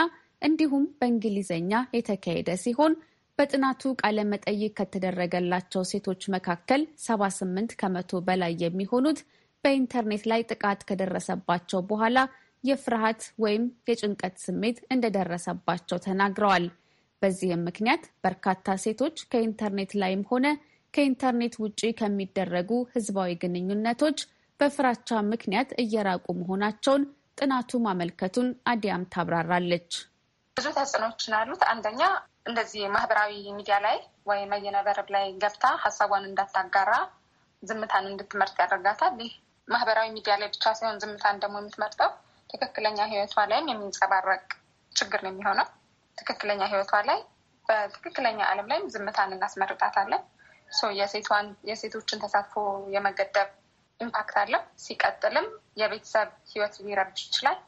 እንዲሁም በእንግሊዝኛ የተካሄደ ሲሆን በጥናቱ ቃለመጠይቅ ከተደረገላቸው ሴቶች መካከል 78 ከመቶ በላይ የሚሆኑት በኢንተርኔት ላይ ጥቃት ከደረሰባቸው በኋላ የፍርሃት ወይም የጭንቀት ስሜት እንደደረሰባቸው ተናግረዋል። በዚህም ምክንያት በርካታ ሴቶች ከኢንተርኔት ላይም ሆነ ከኢንተርኔት ውጪ ከሚደረጉ ሕዝባዊ ግንኙነቶች በፍራቻ ምክንያት እየራቁ መሆናቸውን ጥናቱ ማመልከቱን አዲያም ታብራራለች። ብዙ ተጽዕኖች ያሉት አንደኛ እንደዚህ ማህበራዊ ሚዲያ ላይ ወይ መየነበረብ ላይ ገብታ ሀሳቧን እንዳታጋራ ዝምታን እንድትመርጥ ያደርጋታል። ይህ ማህበራዊ ሚዲያ ላይ ብቻ ሳይሆን ዝምታን ደግሞ የምትመርጠው ትክክለኛ ህይወቷ ላይም የሚንጸባረቅ ችግር ነው የሚሆነው። ትክክለኛ ህይወቷ ላይ በትክክለኛ ዓለም ላይም ዝምታን እናስመርጣታለን። የሴቶችን ተሳትፎ የመገደብ ኢምፓክት አለው። ሲቀጥልም የቤተሰብ ህይወት ሊረብሽ ይችላል።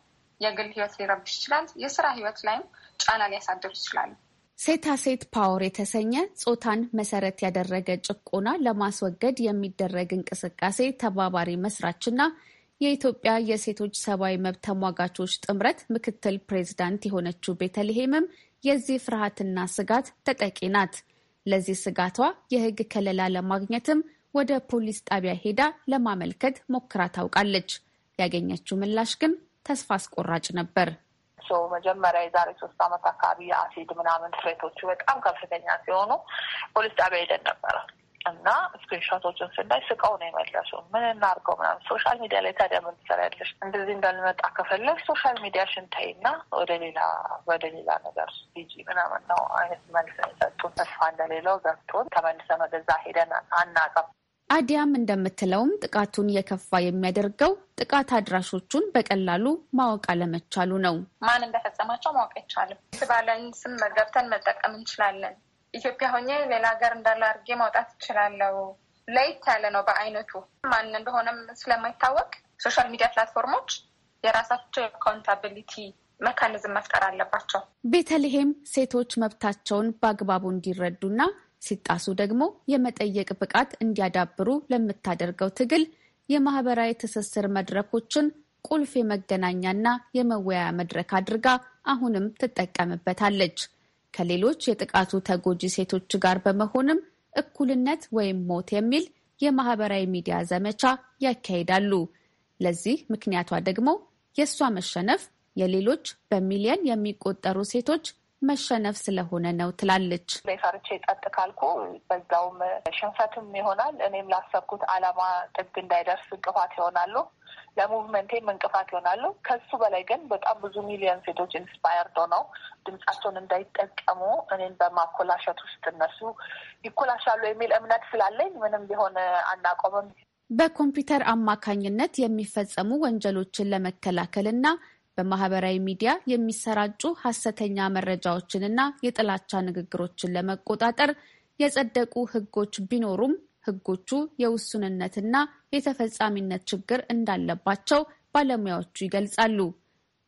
የግል ህይወት ሊረብሽ ይችላል። የስራ ህይወት ላይም ጫና ሊያሳድሩ ይችላሉ። ሴት ፓወር የተሰኘ ጾታን መሰረት ያደረገ ጭቆና ለማስወገድ የሚደረግ እንቅስቃሴ ተባባሪ መስራችና የኢትዮጵያ የሴቶች ሰብአዊ መብት ተሟጋቾች ጥምረት ምክትል ፕሬዝዳንት የሆነችው ቤተልሔምም የዚህ ፍርሃትና ስጋት ተጠቂ ናት። ለዚህ ስጋቷ የህግ ከለላ ለማግኘትም ወደ ፖሊስ ጣቢያ ሄዳ ለማመልከት ሞክራ ታውቃለች። ያገኘችው ምላሽ ግን ተስፋ አስቆራጭ ነበር። ሰው መጀመሪያ የዛሬ ሶስት ዓመት አካባቢ የአሲድ ምናምን ፍሬቶቹ በጣም ከፍተኛ ሲሆኑ ፖሊስ ጣቢያ ሄደን ነበረ እና ስክሪንሾቶችን ስናይ ስቀው ነው የመለሱ። ምን እናርገው ምናምን ሶሻል ሚዲያ ላይ ታዲያ ምን ትሰሪያለሽ? እንደዚህ እንዳልመጣ ከፈለግ ሶሻል ሚዲያ ሽንታይ ና ወደ ሌላ ወደ ሌላ ነገር ሂጂ ምናምን ነው አይነት መልስ የሰጡን። ተስፋ እንደሌለው ገብቶን ተመልሰ መገዛ ሄደን አናቀም። አዲያም እንደምትለውም ጥቃቱን የከፋ የሚያደርገው ጥቃት አድራሾቹን በቀላሉ ማወቅ አለመቻሉ ነው። ማን እንደፈጸማቸው ማወቅ አይቻልም። ባለን ስም መገብተን መጠቀም እንችላለን። ኢትዮጵያ ሆኜ ሌላ ሀገር እንዳለ አድርጌ ማውጣት እችላለሁ። ለየት ያለ ነው በአይነቱ ማን እንደሆነም ስለማይታወቅ ሶሻል ሚዲያ ፕላትፎርሞች የራሳቸው የአካውንታቢሊቲ መካኒዝም መፍጠር አለባቸው። ቤተልሔም ሴቶች መብታቸውን በአግባቡ እንዲረዱና ሲጣሱ ደግሞ የመጠየቅ ብቃት እንዲያዳብሩ ለምታደርገው ትግል የማህበራዊ ትስስር መድረኮችን ቁልፍ የመገናኛና የመወያያ መድረክ አድርጋ አሁንም ትጠቀምበታለች። ከሌሎች የጥቃቱ ተጎጂ ሴቶች ጋር በመሆንም እኩልነት ወይም ሞት የሚል የማህበራዊ ሚዲያ ዘመቻ ያካሂዳሉ። ለዚህ ምክንያቷ ደግሞ የእሷ መሸነፍ የሌሎች በሚሊየን የሚቆጠሩ ሴቶች መሸነፍ ስለሆነ ነው ትላለች። ፈርቼ ጠጥ ካልኩ በዛውም ሽንፈትም ይሆናል። እኔም ላሰብኩት አላማ ጥግ እንዳይደርስ እንቅፋት ይሆናሉ፣ ለሙቭመንቴም እንቅፋት ይሆናሉ። ከሱ በላይ ግን በጣም ብዙ ሚሊዮን ሴቶች ኢንስፓየርዶ ነው ድምጻቸውን እንዳይጠቀሙ እኔን በማኮላሸት ውስጥ እነሱ ይኮላሻሉ የሚል እምነት ስላለኝ ምንም ቢሆን አናቆምም። በኮምፒውተር አማካኝነት የሚፈጸሙ ወንጀሎችን ለመከላከል እና በማህበራዊ ሚዲያ የሚሰራጩ ሀሰተኛ መረጃዎችንና የጥላቻ ንግግሮችን ለመቆጣጠር የጸደቁ ህጎች ቢኖሩም ህጎቹ የውሱንነትና የተፈጻሚነት ችግር እንዳለባቸው ባለሙያዎቹ ይገልጻሉ።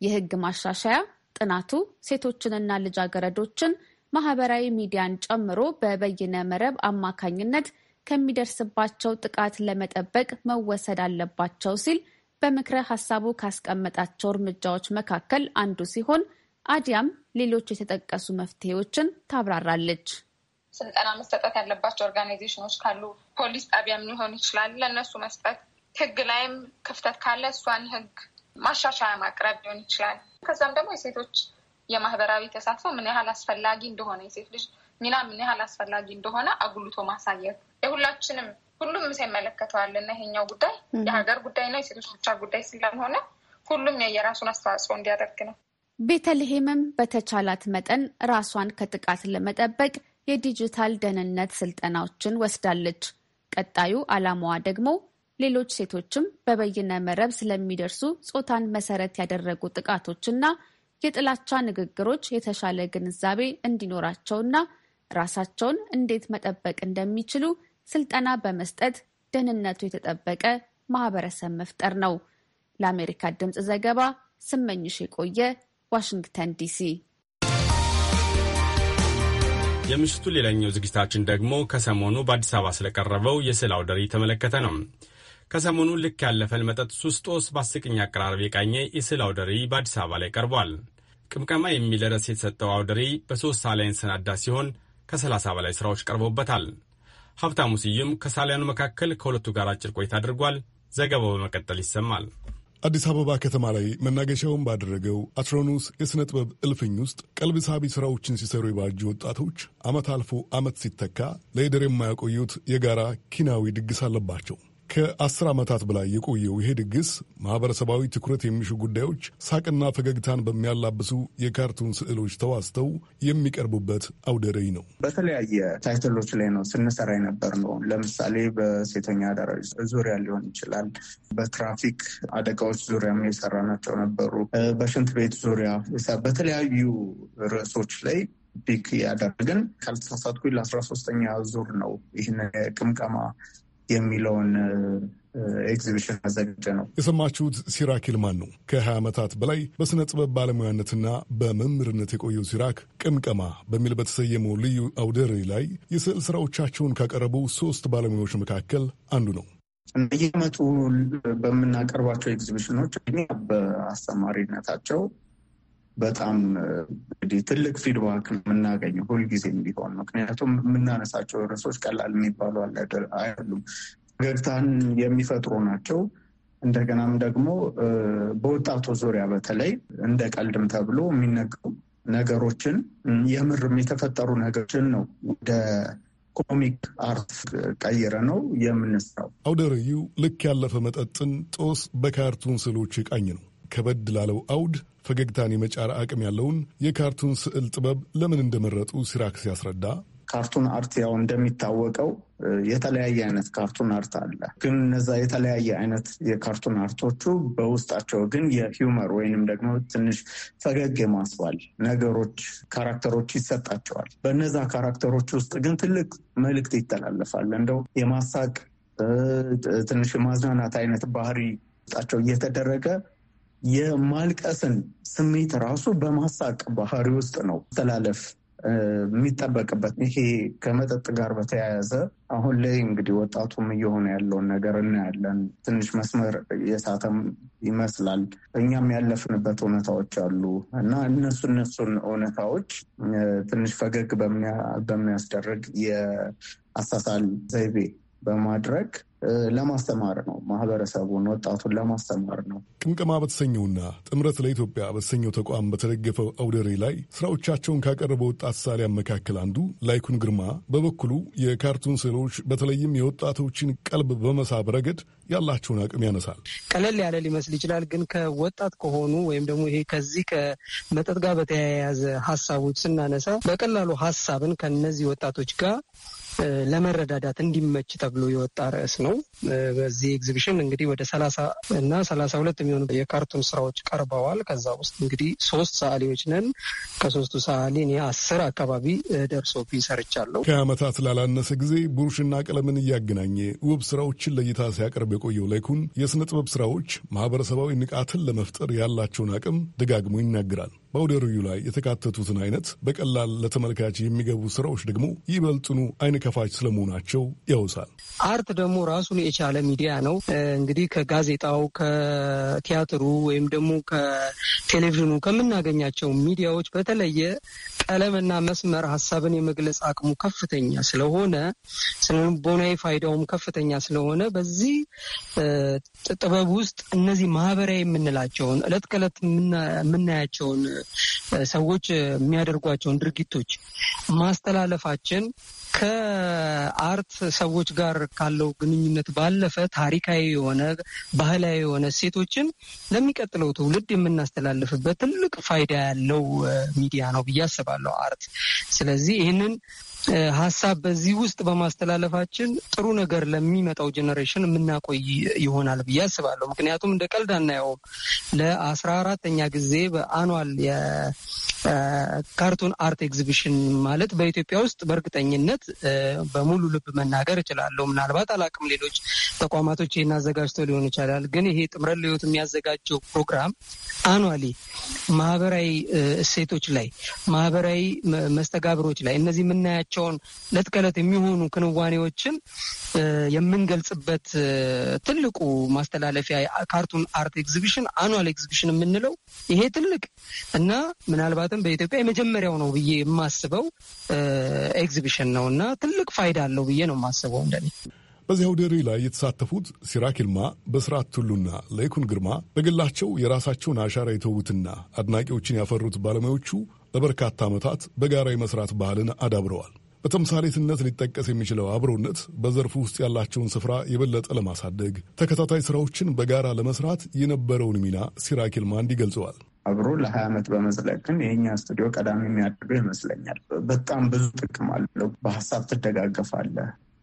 የህግ ማሻሻያ ጥናቱ ሴቶችንና ልጃገረዶችን ማህበራዊ ሚዲያን ጨምሮ በበይነ መረብ አማካኝነት ከሚደርስባቸው ጥቃት ለመጠበቅ መወሰድ አለባቸው ሲል በምክረ ሀሳቡ ካስቀመጣቸው እርምጃዎች መካከል አንዱ ሲሆን አዲያም ሌሎች የተጠቀሱ መፍትሄዎችን ታብራራለች። ስልጠና መሰጠት ያለባቸው ኦርጋናይዜሽኖች ካሉ ፖሊስ ጣቢያም ሊሆን ይችላል፣ ለእነሱ መስጠት፣ ህግ ላይም ክፍተት ካለ እሷን ህግ ማሻሻያ ማቅረብ ሊሆን ይችላል። ከዛም ደግሞ የሴቶች የማህበራዊ ተሳትፎ ምን ያህል አስፈላጊ እንደሆነ፣ የሴት ልጅ ሚና ምን ያህል አስፈላጊ እንደሆነ አጉልቶ ማሳየት የሁላችንም ሁሉም ይመለከተዋል እና ይሄኛው ጉዳይ የሀገር ጉዳይ ነው፣ የሴቶች ብቻ ጉዳይ ስላልሆነ ሁሉም የየራሱን አስተዋጽኦ እንዲያደርግ ነው። ቤተልሔምም በተቻላት መጠን ራሷን ከጥቃት ለመጠበቅ የዲጂታል ደህንነት ስልጠናዎችን ወስዳለች። ቀጣዩ ዓላማዋ ደግሞ ሌሎች ሴቶችም በበይነ መረብ ስለሚደርሱ ጾታን መሰረት ያደረጉ ጥቃቶችና የጥላቻ ንግግሮች የተሻለ ግንዛቤ እንዲኖራቸውና ራሳቸውን እንዴት መጠበቅ እንደሚችሉ ስልጠና በመስጠት ደህንነቱ የተጠበቀ ማህበረሰብ መፍጠር ነው። ለአሜሪካ ድምፅ ዘገባ ስመኝሽ የቆየ ዋሽንግተን ዲሲ። የምሽቱ ሌላኛው ዝግጅታችን ደግሞ ከሰሞኑ በአዲስ አበባ ስለቀረበው የስዕል አውደ ርዕይ የተመለከተ ነው። ከሰሞኑ ልክ ያለፈን መጠጥ ሱስጦስ በአስቂኝ አቀራረብ የቃኘ የስዕል አውደ ርዕይ በአዲስ አበባ ላይ ቀርቧል። ቅምቀማ የሚል ርዕስ የተሰጠው አውደ ርዕይ በሦስት ሰዓት ላይ የተሰናዳ ሲሆን ከ30 በላይ ሥራዎች ቀርበውበታል። ሀብታሙ ስዩም ከሳሊያኑ መካከል ከሁለቱ ጋር አጭር ቆይታ አድርጓል። ዘገባው በመቀጠል ይሰማል። አዲስ አበባ ከተማ ላይ መናገሻውን ባደረገው አትሮኖስ የሥነ ጥበብ እልፍኝ ውስጥ ቀልብ ሳቢ ሥራዎችን ሲሰሩ የባጁ ወጣቶች ዓመት አልፎ ዓመት ሲተካ ለይደር የማያቆዩት የጋራ ኪናዊ ድግስ አለባቸው። ከአስር ዓመታት በላይ የቆየው ይሄ ድግስ ማኅበረሰባዊ ትኩረት የሚሹ ጉዳዮች ሳቅና ፈገግታን በሚያላብሱ የካርቱን ስዕሎች ተዋዝተው የሚቀርቡበት አውደ ርዕይ ነው። በተለያየ ታይትሎች ላይ ነው ስንሰራ የነበር ነው። ለምሳሌ በሴተኛ አዳሪዎች ዙሪያ ሊሆን ይችላል። በትራፊክ አደጋዎች ዙሪያም የሰራናቸው ነበሩ። በሽንት ቤት ዙሪያ በተለያዩ ርዕሶች ላይ ፒክ ያደረግን ካልተሳሳትኩኝ ለአስራ ሶስተኛ ዙር ነው ይህን የቅምቀማ የሚለውን ኤግዚቢሽን አዘጋጀ ነው። የሰማችሁት ሲራክ ይልማን ነው። ከ20 ዓመታት በላይ በሥነ ጥበብ ባለሙያነትና በመምህርነት የቆየው ሲራክ ቅምቀማ በሚል በተሰየመው ልዩ አውደ ርዕይ ላይ የስዕል ስራዎቻቸውን ካቀረቡ ሶስት ባለሙያዎች መካከል አንዱ ነው። እየመጡ በምናቀርባቸው ኤግዚቢሽኖች በአስተማሪነታቸው በጣም እንግዲህ ትልቅ ፊድባክ የምናገኝ ሁልጊዜም ቢሆን ምክንያቱም የምናነሳቸው ርዕሶች ቀላል የሚባሉ አይደሉም። ፈገግታን የሚፈጥሩ ናቸው። እንደገናም ደግሞ በወጣቱ ዙሪያ በተለይ እንደ ቀልድም ተብሎ የሚነገሩ ነገሮችን የምርም የተፈጠሩ ነገሮችን ነው ወደ ኮሚክ አርት ቀይረ ነው የምንስራው። አውደ ርዕዩ ልክ ያለፈ መጠጥን ጦስ በካርቱን ስዕሎች ቃኝ ነው። ከበድ ላለው አውድ ፈገግታን የመጫር አቅም ያለውን የካርቱን ስዕል ጥበብ ለምን እንደመረጡ ሲራክስ ያስረዳ። ካርቱን አርት ያው እንደሚታወቀው የተለያየ አይነት ካርቱን አርት አለ። ግን እነዛ የተለያየ አይነት የካርቱን አርቶቹ በውስጣቸው ግን የሂውመር ወይንም ደግሞ ትንሽ ፈገግ የማስባል ነገሮች ካራክተሮች ይሰጣቸዋል። በነዛ ካራክተሮች ውስጥ ግን ትልቅ መልእክት ይተላለፋል። እንደው የማሳቅ ትንሽ የማዝናናት አይነት ባህሪ ውስጣቸው እየተደረገ የማልቀስን ስሜት ራሱ በማሳቅ ባህሪ ውስጥ ነው ተላለፍ የሚጠበቅበት። ይሄ ከመጠጥ ጋር በተያያዘ አሁን ላይ እንግዲህ ወጣቱም እየሆነ ያለውን ነገር እናያለን። ትንሽ መስመር የሳተም ይመስላል። እኛም ያለፍንበት እውነታዎች አሉ እና እነሱ እነሱን እውነታዎች ትንሽ ፈገግ በሚያስደርግ የአሳሳል ዘይቤ በማድረግ ለማስተማር ነው። ማህበረሰቡን ወጣቱን ለማስተማር ነው። ቅምቅማ በተሰኘውና ጥምረት ለኢትዮጵያ በተሰኘው ተቋም በተደገፈው አውደ ርዕይ ላይ ስራዎቻቸውን ካቀረበ ወጣት ሳሊያን መካከል አንዱ ላይኩን ግርማ በበኩሉ የካርቱን ስዕሎች በተለይም የወጣቶችን ቀልብ በመሳብ ረገድ ያላቸውን አቅም ያነሳል። ቀለል ያለ ሊመስል ይችላል፣ ግን ከወጣት ከሆኑ ወይም ደግሞ ይሄ ከዚህ ከመጠጥ ጋር በተያያዘ ሀሳቦች ስናነሳ በቀላሉ ሀሳብን ከነዚህ ወጣቶች ጋር ለመረዳዳት እንዲመች ተብሎ የወጣ ርዕስ ነው። በዚህ ኤግዚቢሽን እንግዲህ ወደ ሰላሳ እና ሰላሳ ሁለት የሚሆኑ የካርቱን ስራዎች ቀርበዋል። ከዛ ውስጥ እንግዲህ ሶስት ሰዓሊዎች ነን። ከሶስቱ ሰዓሊ እኔ አስር አካባቢ ደርሶ ሰርቻለሁ። ከአመታት ላላነሰ ጊዜ ብሩሽና ቀለምን እያገናኘ ውብ ስራዎችን ለእይታ ሲያቀርብ የቆየው ላይኩን የስነ ጥበብ ስራዎች ማህበረሰባዊ ንቃትን ለመፍጠር ያላቸውን አቅም ደጋግሞ ይናገራል። በአውደርዩ ላይ የተካተቱትን አይነት በቀላል ለተመልካች የሚገቡ ስራዎች ደግሞ ይበልጥኑ አይን ከፋች ስለመሆናቸው ያውሳል። አርት ደግሞ ራሱን የቻለ ሚዲያ ነው። እንግዲህ ከጋዜጣው፣ ከቲያትሩ ወይም ደግሞ ከቴሌቪዥኑ ከምናገኛቸው ሚዲያዎች በተለየ ቀለምና መስመር ሀሳብን የመግለጽ አቅሙ ከፍተኛ ስለሆነ ስነልቦናዊ ፋይዳውም ከፍተኛ ስለሆነ በዚህ ጥበብ ውስጥ እነዚህ ማህበራዊ የምንላቸውን እለት ከእለት የምናያቸውን ሰዎች የሚያደርጓቸውን ድርጊቶች ማስተላለፋችን ከአርት ሰዎች ጋር ካለው ግንኙነት ባለፈ ታሪካዊ የሆነ ባህላዊ የሆነ እሴቶችን ለሚቀጥለው ትውልድ የምናስተላልፍበት ትልቅ ፋይዳ ያለው ሚዲያ ነው ብዬ አስባለሁ አርት። ስለዚህ ይህንን ሀሳብ በዚህ ውስጥ በማስተላለፋችን ጥሩ ነገር ለሚመጣው ጀኔሬሽን የምናቆይ ይሆናል ብዬ አስባለሁ። ምክንያቱም እንደ ቀልድ አናየውም። ለአስራ አራተኛ ጊዜ በአኗል የካርቱን አርት ኤግዚቢሽን ማለት በኢትዮጵያ ውስጥ በእርግጠኝነት በሙሉ ልብ መናገር እችላለሁ። ምናልባት አላቅም፣ ሌሎች ተቋማቶች ይህን አዘጋጅተው ሊሆን ይችላል። ግን ይሄ ጥምረት ለሕይወት የሚያዘጋጀው ፕሮግራም አኗሊ ማህበራዊ እሴቶች ላይ ማህበራዊ መስተጋብሮች ላይ እነዚህ የምናያቸው የምንላቸውን ዕለት ከዕለት የሚሆኑ ክንዋኔዎችን የምንገልጽበት ትልቁ ማስተላለፊያ ካርቱን አርት ኤግዚቢሽን አኗል ኤግዚቢሽን የምንለው ይሄ ትልቅ እና ምናልባትም በኢትዮጵያ የመጀመሪያው ነው ብዬ የማስበው ኤግዚቢሽን ነው እና ትልቅ ፋይዳ አለው ብዬ ነው የማስበው እንደኔ። በዚህ አውደ ርዕይ ላይ የተሳተፉት ሲራክ ይልማ፣ በስርዓት ቱሉና ለይኩን ግርማ በግላቸው የራሳቸውን አሻራ የተዉትና አድናቂዎችን ያፈሩት ባለሙያዎቹ ለበርካታ ዓመታት በጋራ የመስራት ባህልን አዳብረዋል። በተምሳሌትነት ሊጠቀስ የሚችለው አብሮነት በዘርፉ ውስጥ ያላቸውን ስፍራ የበለጠ ለማሳደግ ተከታታይ ስራዎችን በጋራ ለመስራት የነበረውን ሚና ሲራኪል ይልማንድ ይገልጸዋል። አብሮ ለሀያ ዓመት በመዝለቅ ግን የኛ ስቱዲዮ ቀዳሚ የሚያደርገው ይመስለኛል። በጣም ብዙ ጥቅም አለው። በሀሳብ ትደጋገፋለ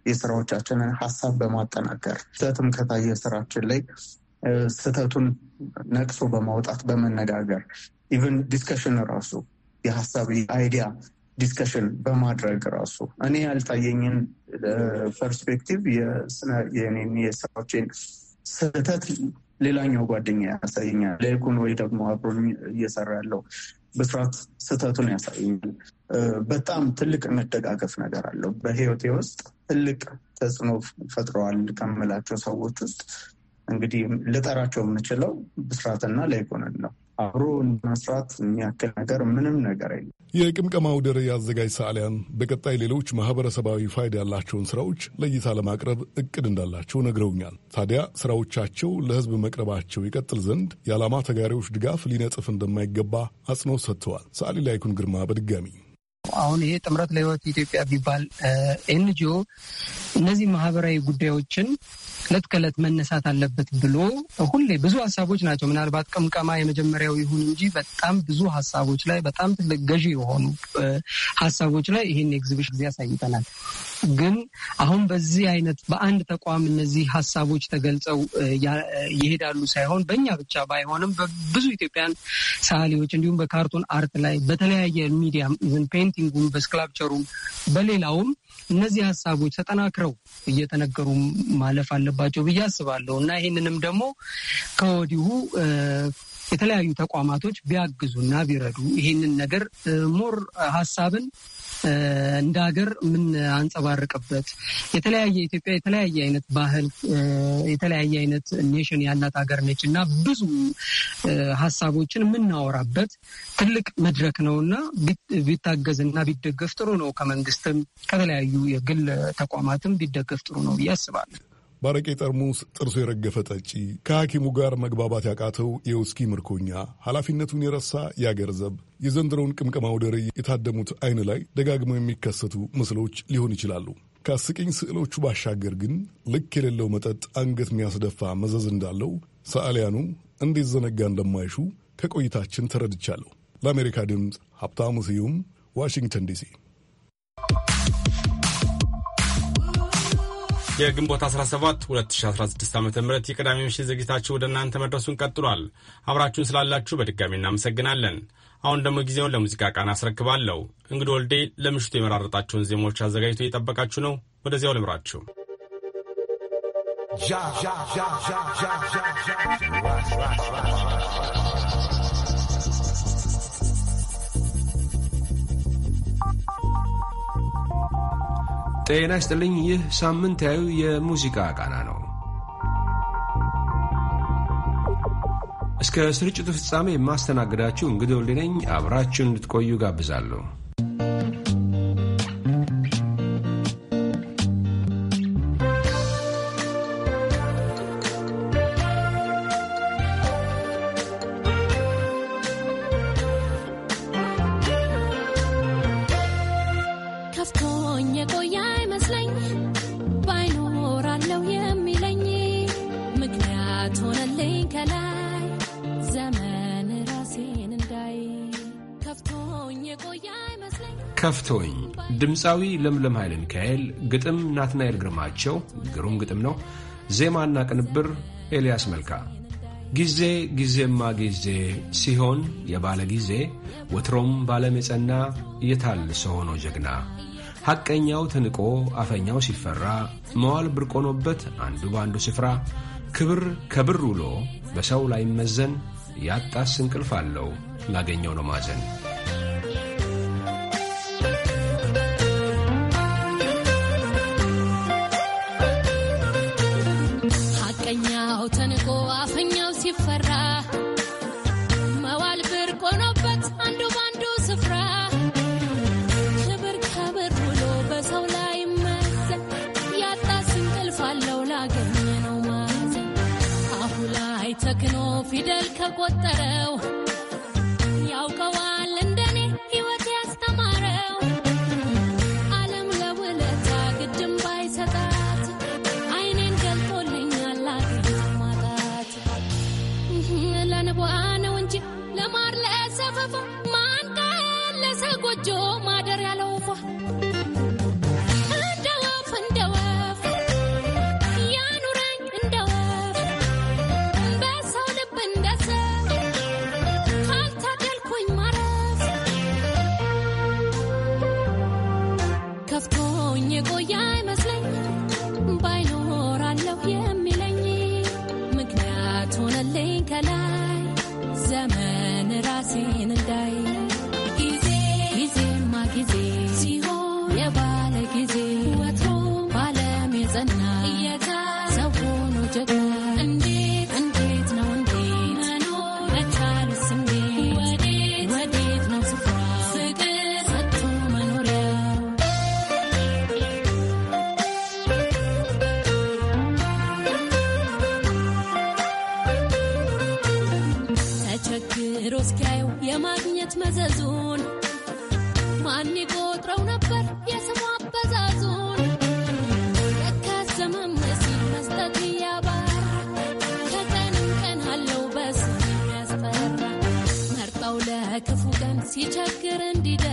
የስራዎቻችንን ሀሳብ በማጠናከር ስህተትም ከታየ ስራችን ላይ ስህተቱን ነቅሶ በማውጣት በመነጋገር ኢቨን ዲስከሽን ራሱ የሀሳብ አይዲያ ዲስከሽን በማድረግ ራሱ እኔ ያልታየኝን ፐርስፔክቲቭ የስራዎቼን ስህተት ሌላኛው ጓደኛ ያሳየኛል። ለይኩን ወይ ደግሞ አብሮኝ እየሰራ ያለው በስርዓት ስህተቱን ያሳየኛል። በጣም ትልቅ መደጋገፍ ነገር አለው። በህይወቴ ውስጥ ትልቅ ተጽዕኖ ፈጥረዋል ከምላቸው ሰዎች ውስጥ እንግዲህ ልጠራቸው የምችለው ብስራትና ለይኩንን ነው። አብሮ እንደመስራት የሚያክል ነገር ምንም ነገር የለም። የቅምቀማ ውድር አዘጋጅ ሰዓሊያን በቀጣይ ሌሎች ማህበረሰባዊ ፋይዳ ያላቸውን ስራዎች ለእይታ ለማቅረብ እቅድ እንዳላቸው ነግረውኛል። ታዲያ ስራዎቻቸው ለህዝብ መቅረባቸው ይቀጥል ዘንድ የዓላማ ተጋሪዎች ድጋፍ ሊነጥፍ እንደማይገባ አጽንኦት ሰጥተዋል። ሰዓሊ ላይኩን ግርማ በድጋሚ አሁን ይሄ ጥምረት ለህይወት ኢትዮጵያ ቢባል ኤንጂኦ እነዚህ ማህበራዊ ጉዳዮችን እለት ከእለት መነሳት አለበት ብሎ ሁሌ ብዙ ሀሳቦች ናቸው። ምናልባት ቅምቀማ የመጀመሪያው ይሁን እንጂ በጣም ብዙ ሀሳቦች ላይ በጣም ትልቅ ገዢ የሆኑ ሀሳቦች ላይ ይህን ኤግዚቢሽን ጊዜ ያሳይተናል። ግን አሁን በዚህ አይነት በአንድ ተቋም እነዚህ ሀሳቦች ተገልጸው ይሄዳሉ ሳይሆን በእኛ ብቻ ባይሆንም በብዙ ኢትዮጵያን ሰዓሊዎች እንዲሁም በካርቱን አርት ላይ በተለያየ ሚዲያም ኢቨን ፔንቲንጉም በስክላፕቸሩም በሌላውም እነዚህ ሀሳቦች ተጠናክረው እየተነገሩ ማለፍ አለ አለባቸው ብዬ አስባለሁ እና ይህንንም ደግሞ ከወዲሁ የተለያዩ ተቋማቶች ቢያግዙና ቢረዱ ይህንን ነገር ሞር ሀሳብን እንደ ሀገር የምናንጸባርቅበት የተለያየ ኢትዮጵያ የተለያየ አይነት ባህል የተለያየ አይነት ኔሽን ያላት ሀገር ነች እና ብዙ ሀሳቦችን የምናወራበት ትልቅ መድረክ ነው እና ቢታገዝ እና ቢደገፍ ጥሩ ነው። ከመንግስትም ከተለያዩ የግል ተቋማትም ቢደገፍ ጥሩ ነው ብዬ አስባለሁ። ባረቄ ጠርሙስ ጥርሶ የረገፈ ጠጪ፣ ከሐኪሙ ጋር መግባባት ያቃተው የውስኪ ምርኮኛ፣ ኃላፊነቱን የረሳ የአገር ዘብ፣ የዘንድሮውን ቅምቅማ ውደር የታደሙት አይን ላይ ደጋግመው የሚከሰቱ ምስሎች ሊሆን ይችላሉ። ከአስቂኝ ስዕሎቹ ባሻገር ግን ልክ የሌለው መጠጥ አንገት የሚያስደፋ መዘዝ እንዳለው ሰዓሊያኑ እንዴት ዘነጋ እንደማይሹ ከቆይታችን ተረድቻለሁ። ለአሜሪካ ድምፅ ሀብታሙ ስዩም ዋሽንግተን ዲሲ የግንቦት 17 2016 ዓ ም የቅዳሜ ምሽት ዝግጅታችሁ ወደ እናንተ መድረሱን ቀጥሏል። አብራችሁን ስላላችሁ በድጋሚ እናመሰግናለን። አሁን ደግሞ ጊዜውን ለሙዚቃ ቃና አስረክባለሁ። እንግዲ ወልዴ ለምሽቱ የመራረጣቸውን ዜማዎች አዘጋጅቶ እየጠበቃችሁ ነው። ወደዚያው ልምራችሁ። ጤና ይስጥልኝ። ይህ ሳምንታዊ የሙዚቃ ቃና ነው። እስከ ስርጭቱ ፍጻሜ የማስተናግዳችሁ እንግዲህ አብራችሁ ነኝ። እንድትቆዩ ጋብዛለሁ። ድምፃዊ ለምለም ኃይለ ሚካኤል፣ ግጥም ናትናኤል ግርማቸው፣ ግሩም ግጥም ነው። ዜማና ቅንብር ኤልያስ መልካ። ጊዜ ጊዜማ ጊዜ ሲሆን የባለ ጊዜ ወትሮም ባለም የጸና የታልሰ ሆኖ ጀግና ሐቀኛው ትንቆ አፈኛው ሲፈራ መዋል ብርቆኖበት አንዱ በአንዱ ስፍራ ክብር ከብር ውሎ በሰው ላይ መዘን ያጣስ እንቅልፍ አለው ላገኘው ነው ማዘን አመስግኖ ፊደል ከቆጠረው ያውቀዋል እንደኔ ህይወት ያስተማረው ዓለም ለውለታ ግድም ባይሰጣት አይኔን ገልጦልኛል አገኘት ማጣት ለንቧ ነው እንጂ ለማር ለሰፈፋ ማን ቀለሰ ጎጆ ማደር ያለው ውፏ ሲቸግር እንዲደ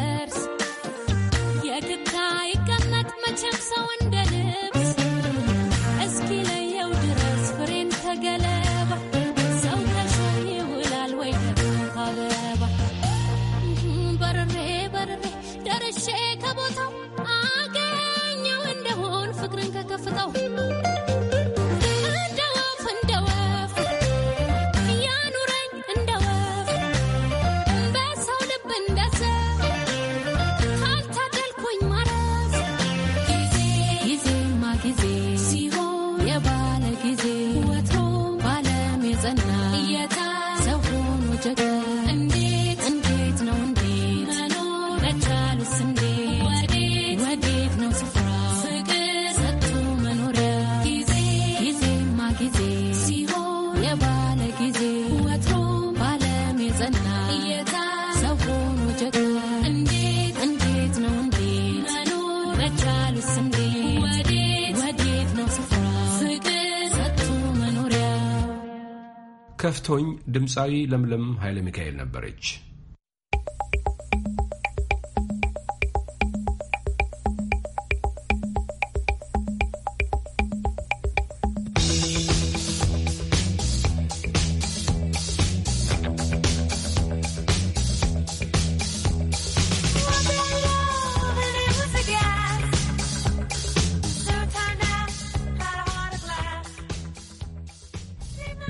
ድምፃዊ ለምለም ኃይለ ሚካኤል ነበረች።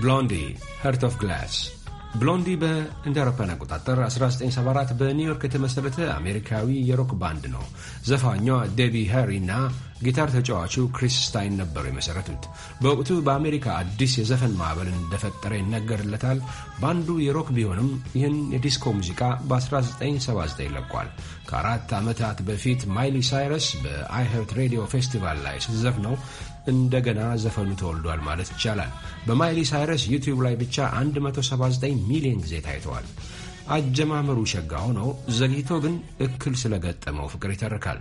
Blondie ሄርት ኦፍ ግላስ ብሎንዲ በእንደ አውሮፓውያን አቆጣጠር 1974 በኒውዮርክ የተመሠረተ አሜሪካዊ የሮክ ባንድ ነው። ዘፋኟ ዴቢ ሃሪ እና ጊታር ተጫዋቹ ክሪስ ስታይን ነበሩ የመሠረቱት። በወቅቱ በአሜሪካ አዲስ የዘፈን ማዕበል እንደፈጠረ ይነገርለታል። ባንዱ የሮክ ቢሆንም ይህን የዲስኮ ሙዚቃ በ1979 ለቋል። ከአራት ዓመታት በፊት ማይሊ ሳይረስ በአይሄርት ሬዲዮ ፌስቲቫል ላይ ስትዘፍነው እንደገና ዘፈኑ ተወልዷል ማለት ይቻላል። በማይሊ ሳይረስ ዩቲዩብ ላይ ብቻ 179 ሚሊዮን ጊዜ ታይተዋል። አጀማመሩ ሸጋ ሆኖ ዘግይቶ ግን እክል ስለገጠመው ፍቅር ይተርካል።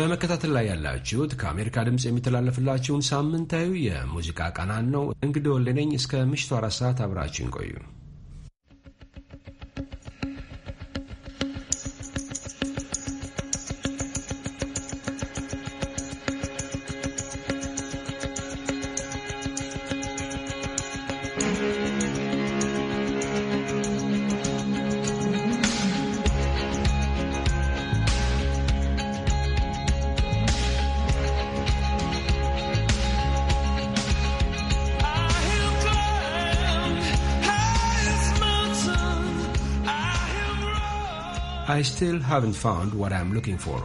በመከታተል ላይ ያላችሁት ከአሜሪካ ድምፅ የሚተላለፍላችሁን ሳምንታዊ የሙዚቃ ቀናን ነው። እንግዲህ ወሌነኝ እስከ ምሽቱ አራት ሰዓት አብራችሁን ቆዩ። አይ ስቲል ሃቭንት ፋውንድ ዋት አም ሉኪንግ ፎር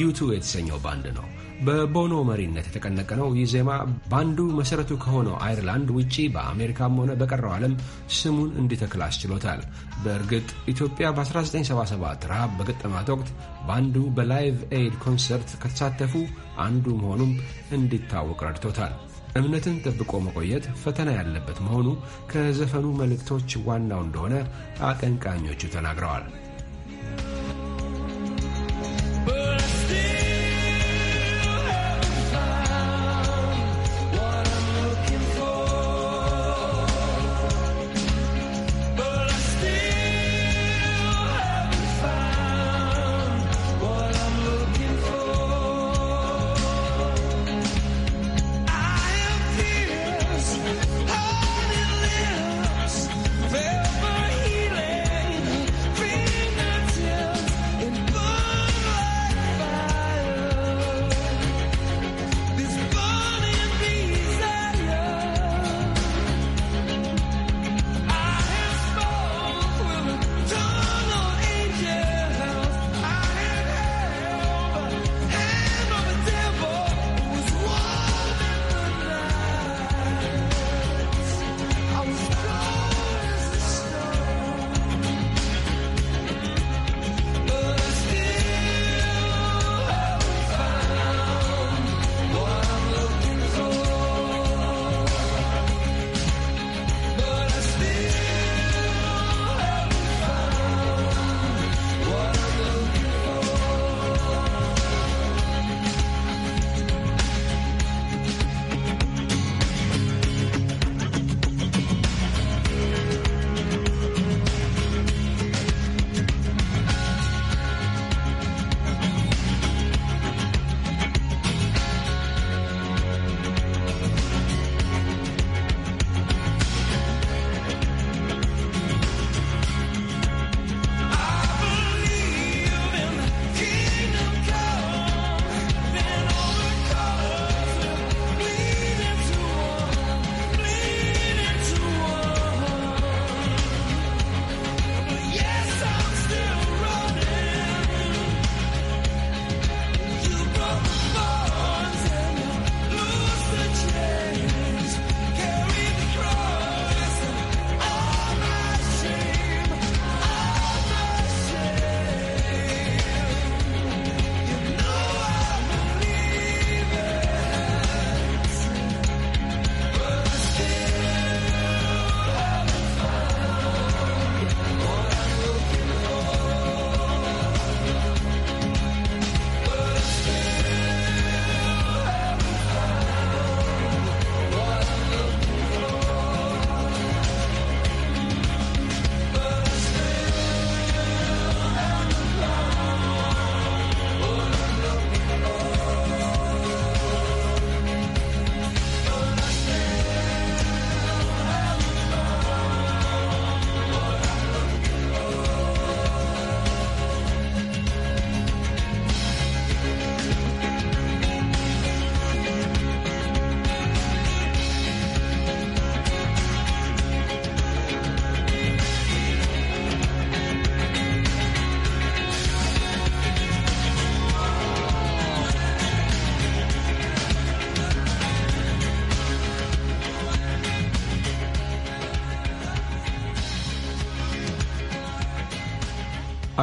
ዩቱ የተሰኘው ባንድ ነው። በቦኖ መሪነት የተቀነቀነው ይህ ዜማ ባንዱ መሰረቱ ከሆነው አይርላንድ ውጪ በአሜሪካም ሆነ በቀረው ዓለም ስሙን እንዲተክል አስችሎታል። በእርግጥ ኢትዮጵያ በ1977 ረሃብ በገጠማት ወቅት ባንዱ በላይቭ ኤድ ኮንሰርት ከተሳተፉ አንዱ መሆኑም እንዲታወቅ ረድቶታል። እምነትን ጠብቆ መቆየት ፈተና ያለበት መሆኑ ከዘፈኑ መልእክቶች ዋናው እንደሆነ አቀንቃኞቹ ተናግረዋል። you.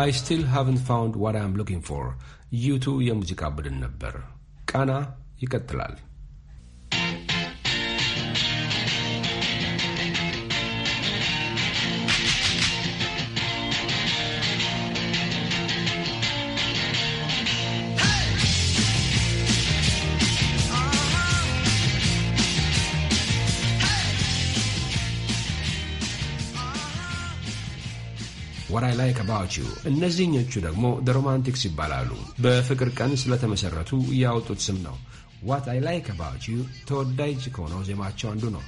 አይ ስቲል ሃቭን ፋውንድ ዋት አም ሉኪንግ ፎር ዩቱ የሙዚቃ ቡድን ነበር። ቃና ይቀጥላል። I Like About You። እነዚህኞቹ ደግሞ ደ ሮማንቲክስ ይባላሉ። በፍቅር ቀን ስለተመሰረቱ ያወጡት ስም ነው። ዋት አይ ላይክ አባውት ዩ ተወዳጅ ከሆነው ዜማቸው አንዱ ነው።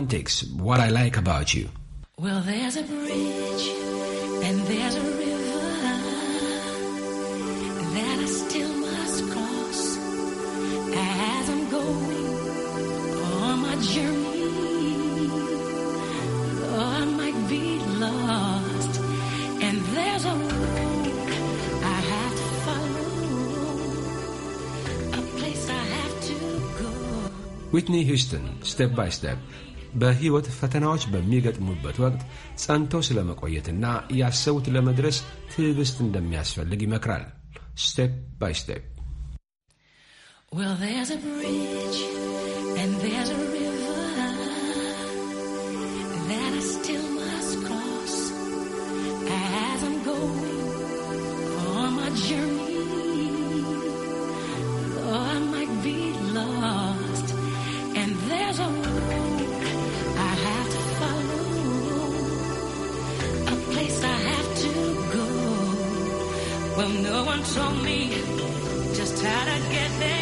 Romantics, What I Like About You. Well, there's a bridge and there's a river that I still must cross as I'm going on my journey. Though I might be lost, and there's a road I have to follow, a place I have to go. Whitney Houston, Step by Step. በሕይወት ፈተናዎች በሚገጥሙበት ወቅት ጸንቶ ስለመቆየትና ያሰቡት ለመድረስ ትዕግስት እንደሚያስፈልግ ይመክራል። ስቴፕ ባይ ስቴፕ Well, there's a bridge and there's a river that I still one told me just how to get there.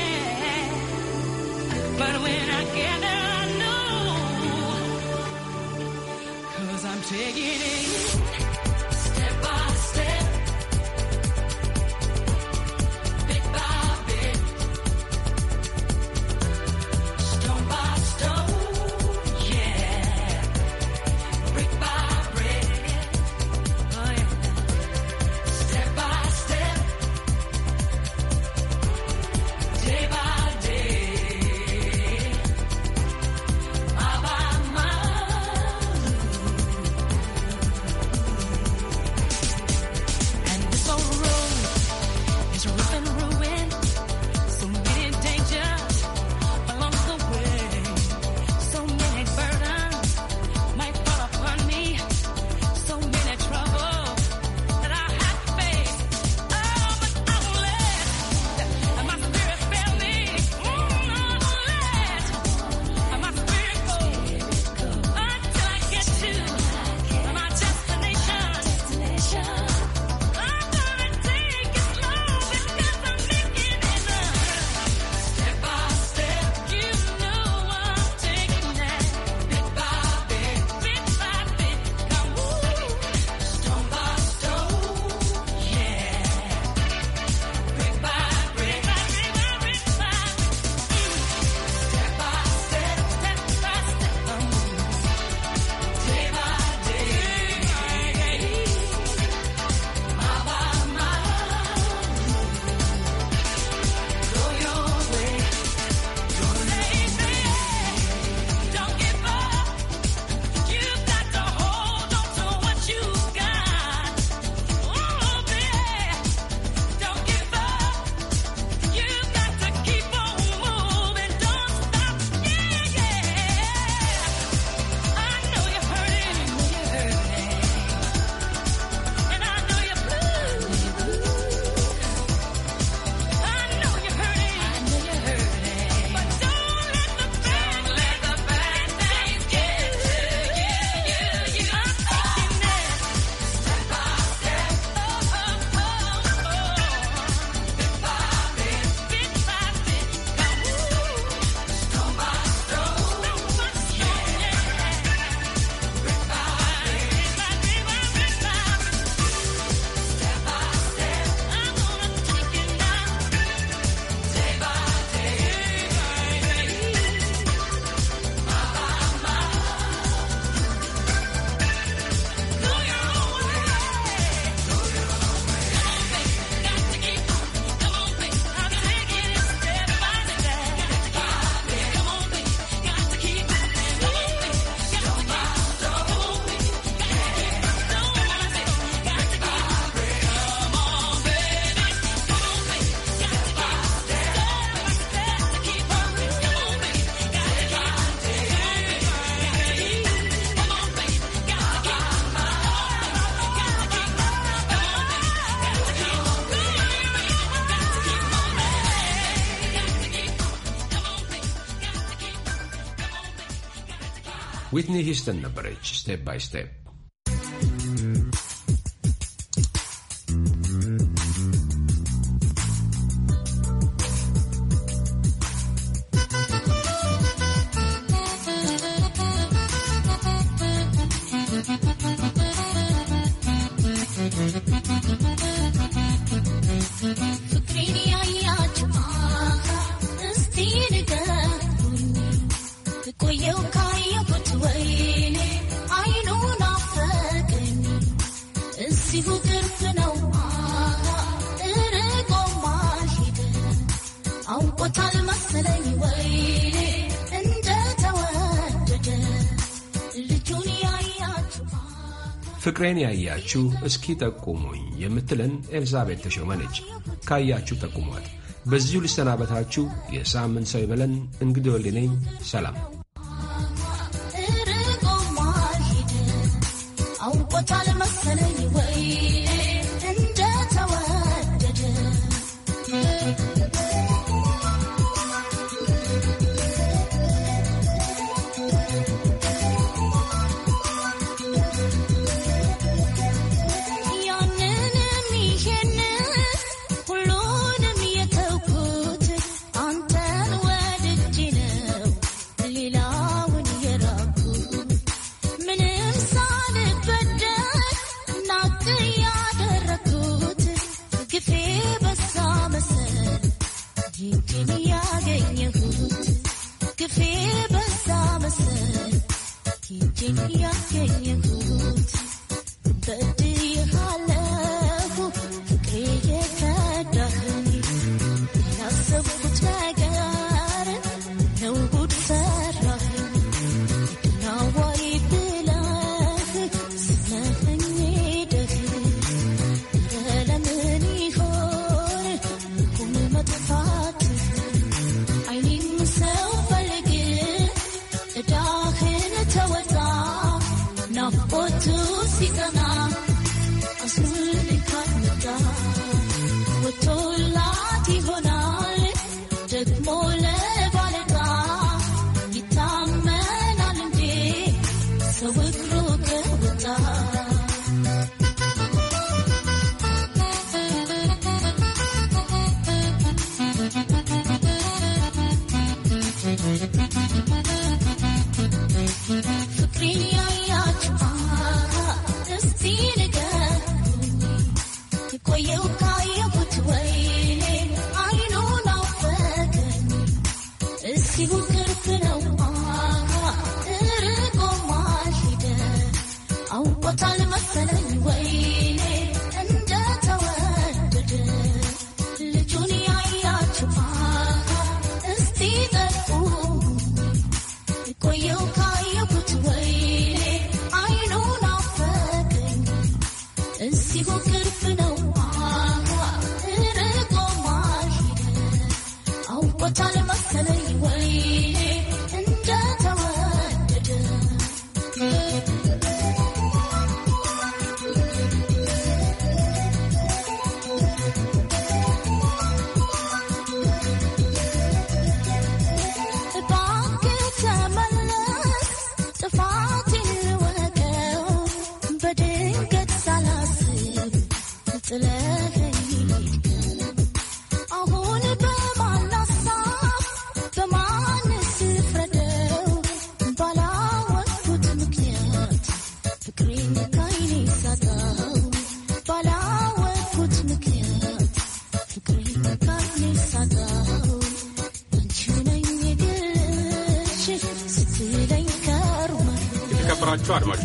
Идни ги стън напред, степ е бай степ. ፍቅሬን ያያችሁ እስኪ ጠቁሙኝ የምትለን ኤልዛቤት ተሾመ ነች። ካያችሁ ጠቁሟት። በዚሁ ልሰናበታችሁ። የሳምንት ሰው ይበለን። እንግዲህ ወልዴ ነኝ። ሰላም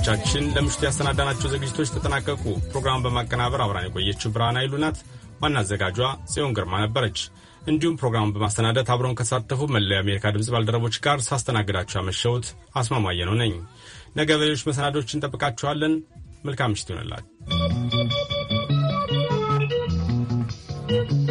አድማጮቻችን ለምሽቱ ያሰናዳናቸው ዝግጅቶች ተጠናቀቁ። ፕሮግራሙን በማቀናበር አብራን የቆየችው ብርሃን ኃይሉ ናት። ዋና አዘጋጇ ጽዮን ግርማ ነበረች። እንዲሁም ፕሮግራሙን በማሰናደት አብረውን ከተሳተፉ መለያ የአሜሪካ ድምፅ ባልደረቦች ጋር ሳስተናግዳችሁ ያመሸሁት አስማማየ ነው ነኝ። ነገ በሌሎች መሰናዶች እንጠብቃችኋለን። መልካም ምሽት ይሆንላል።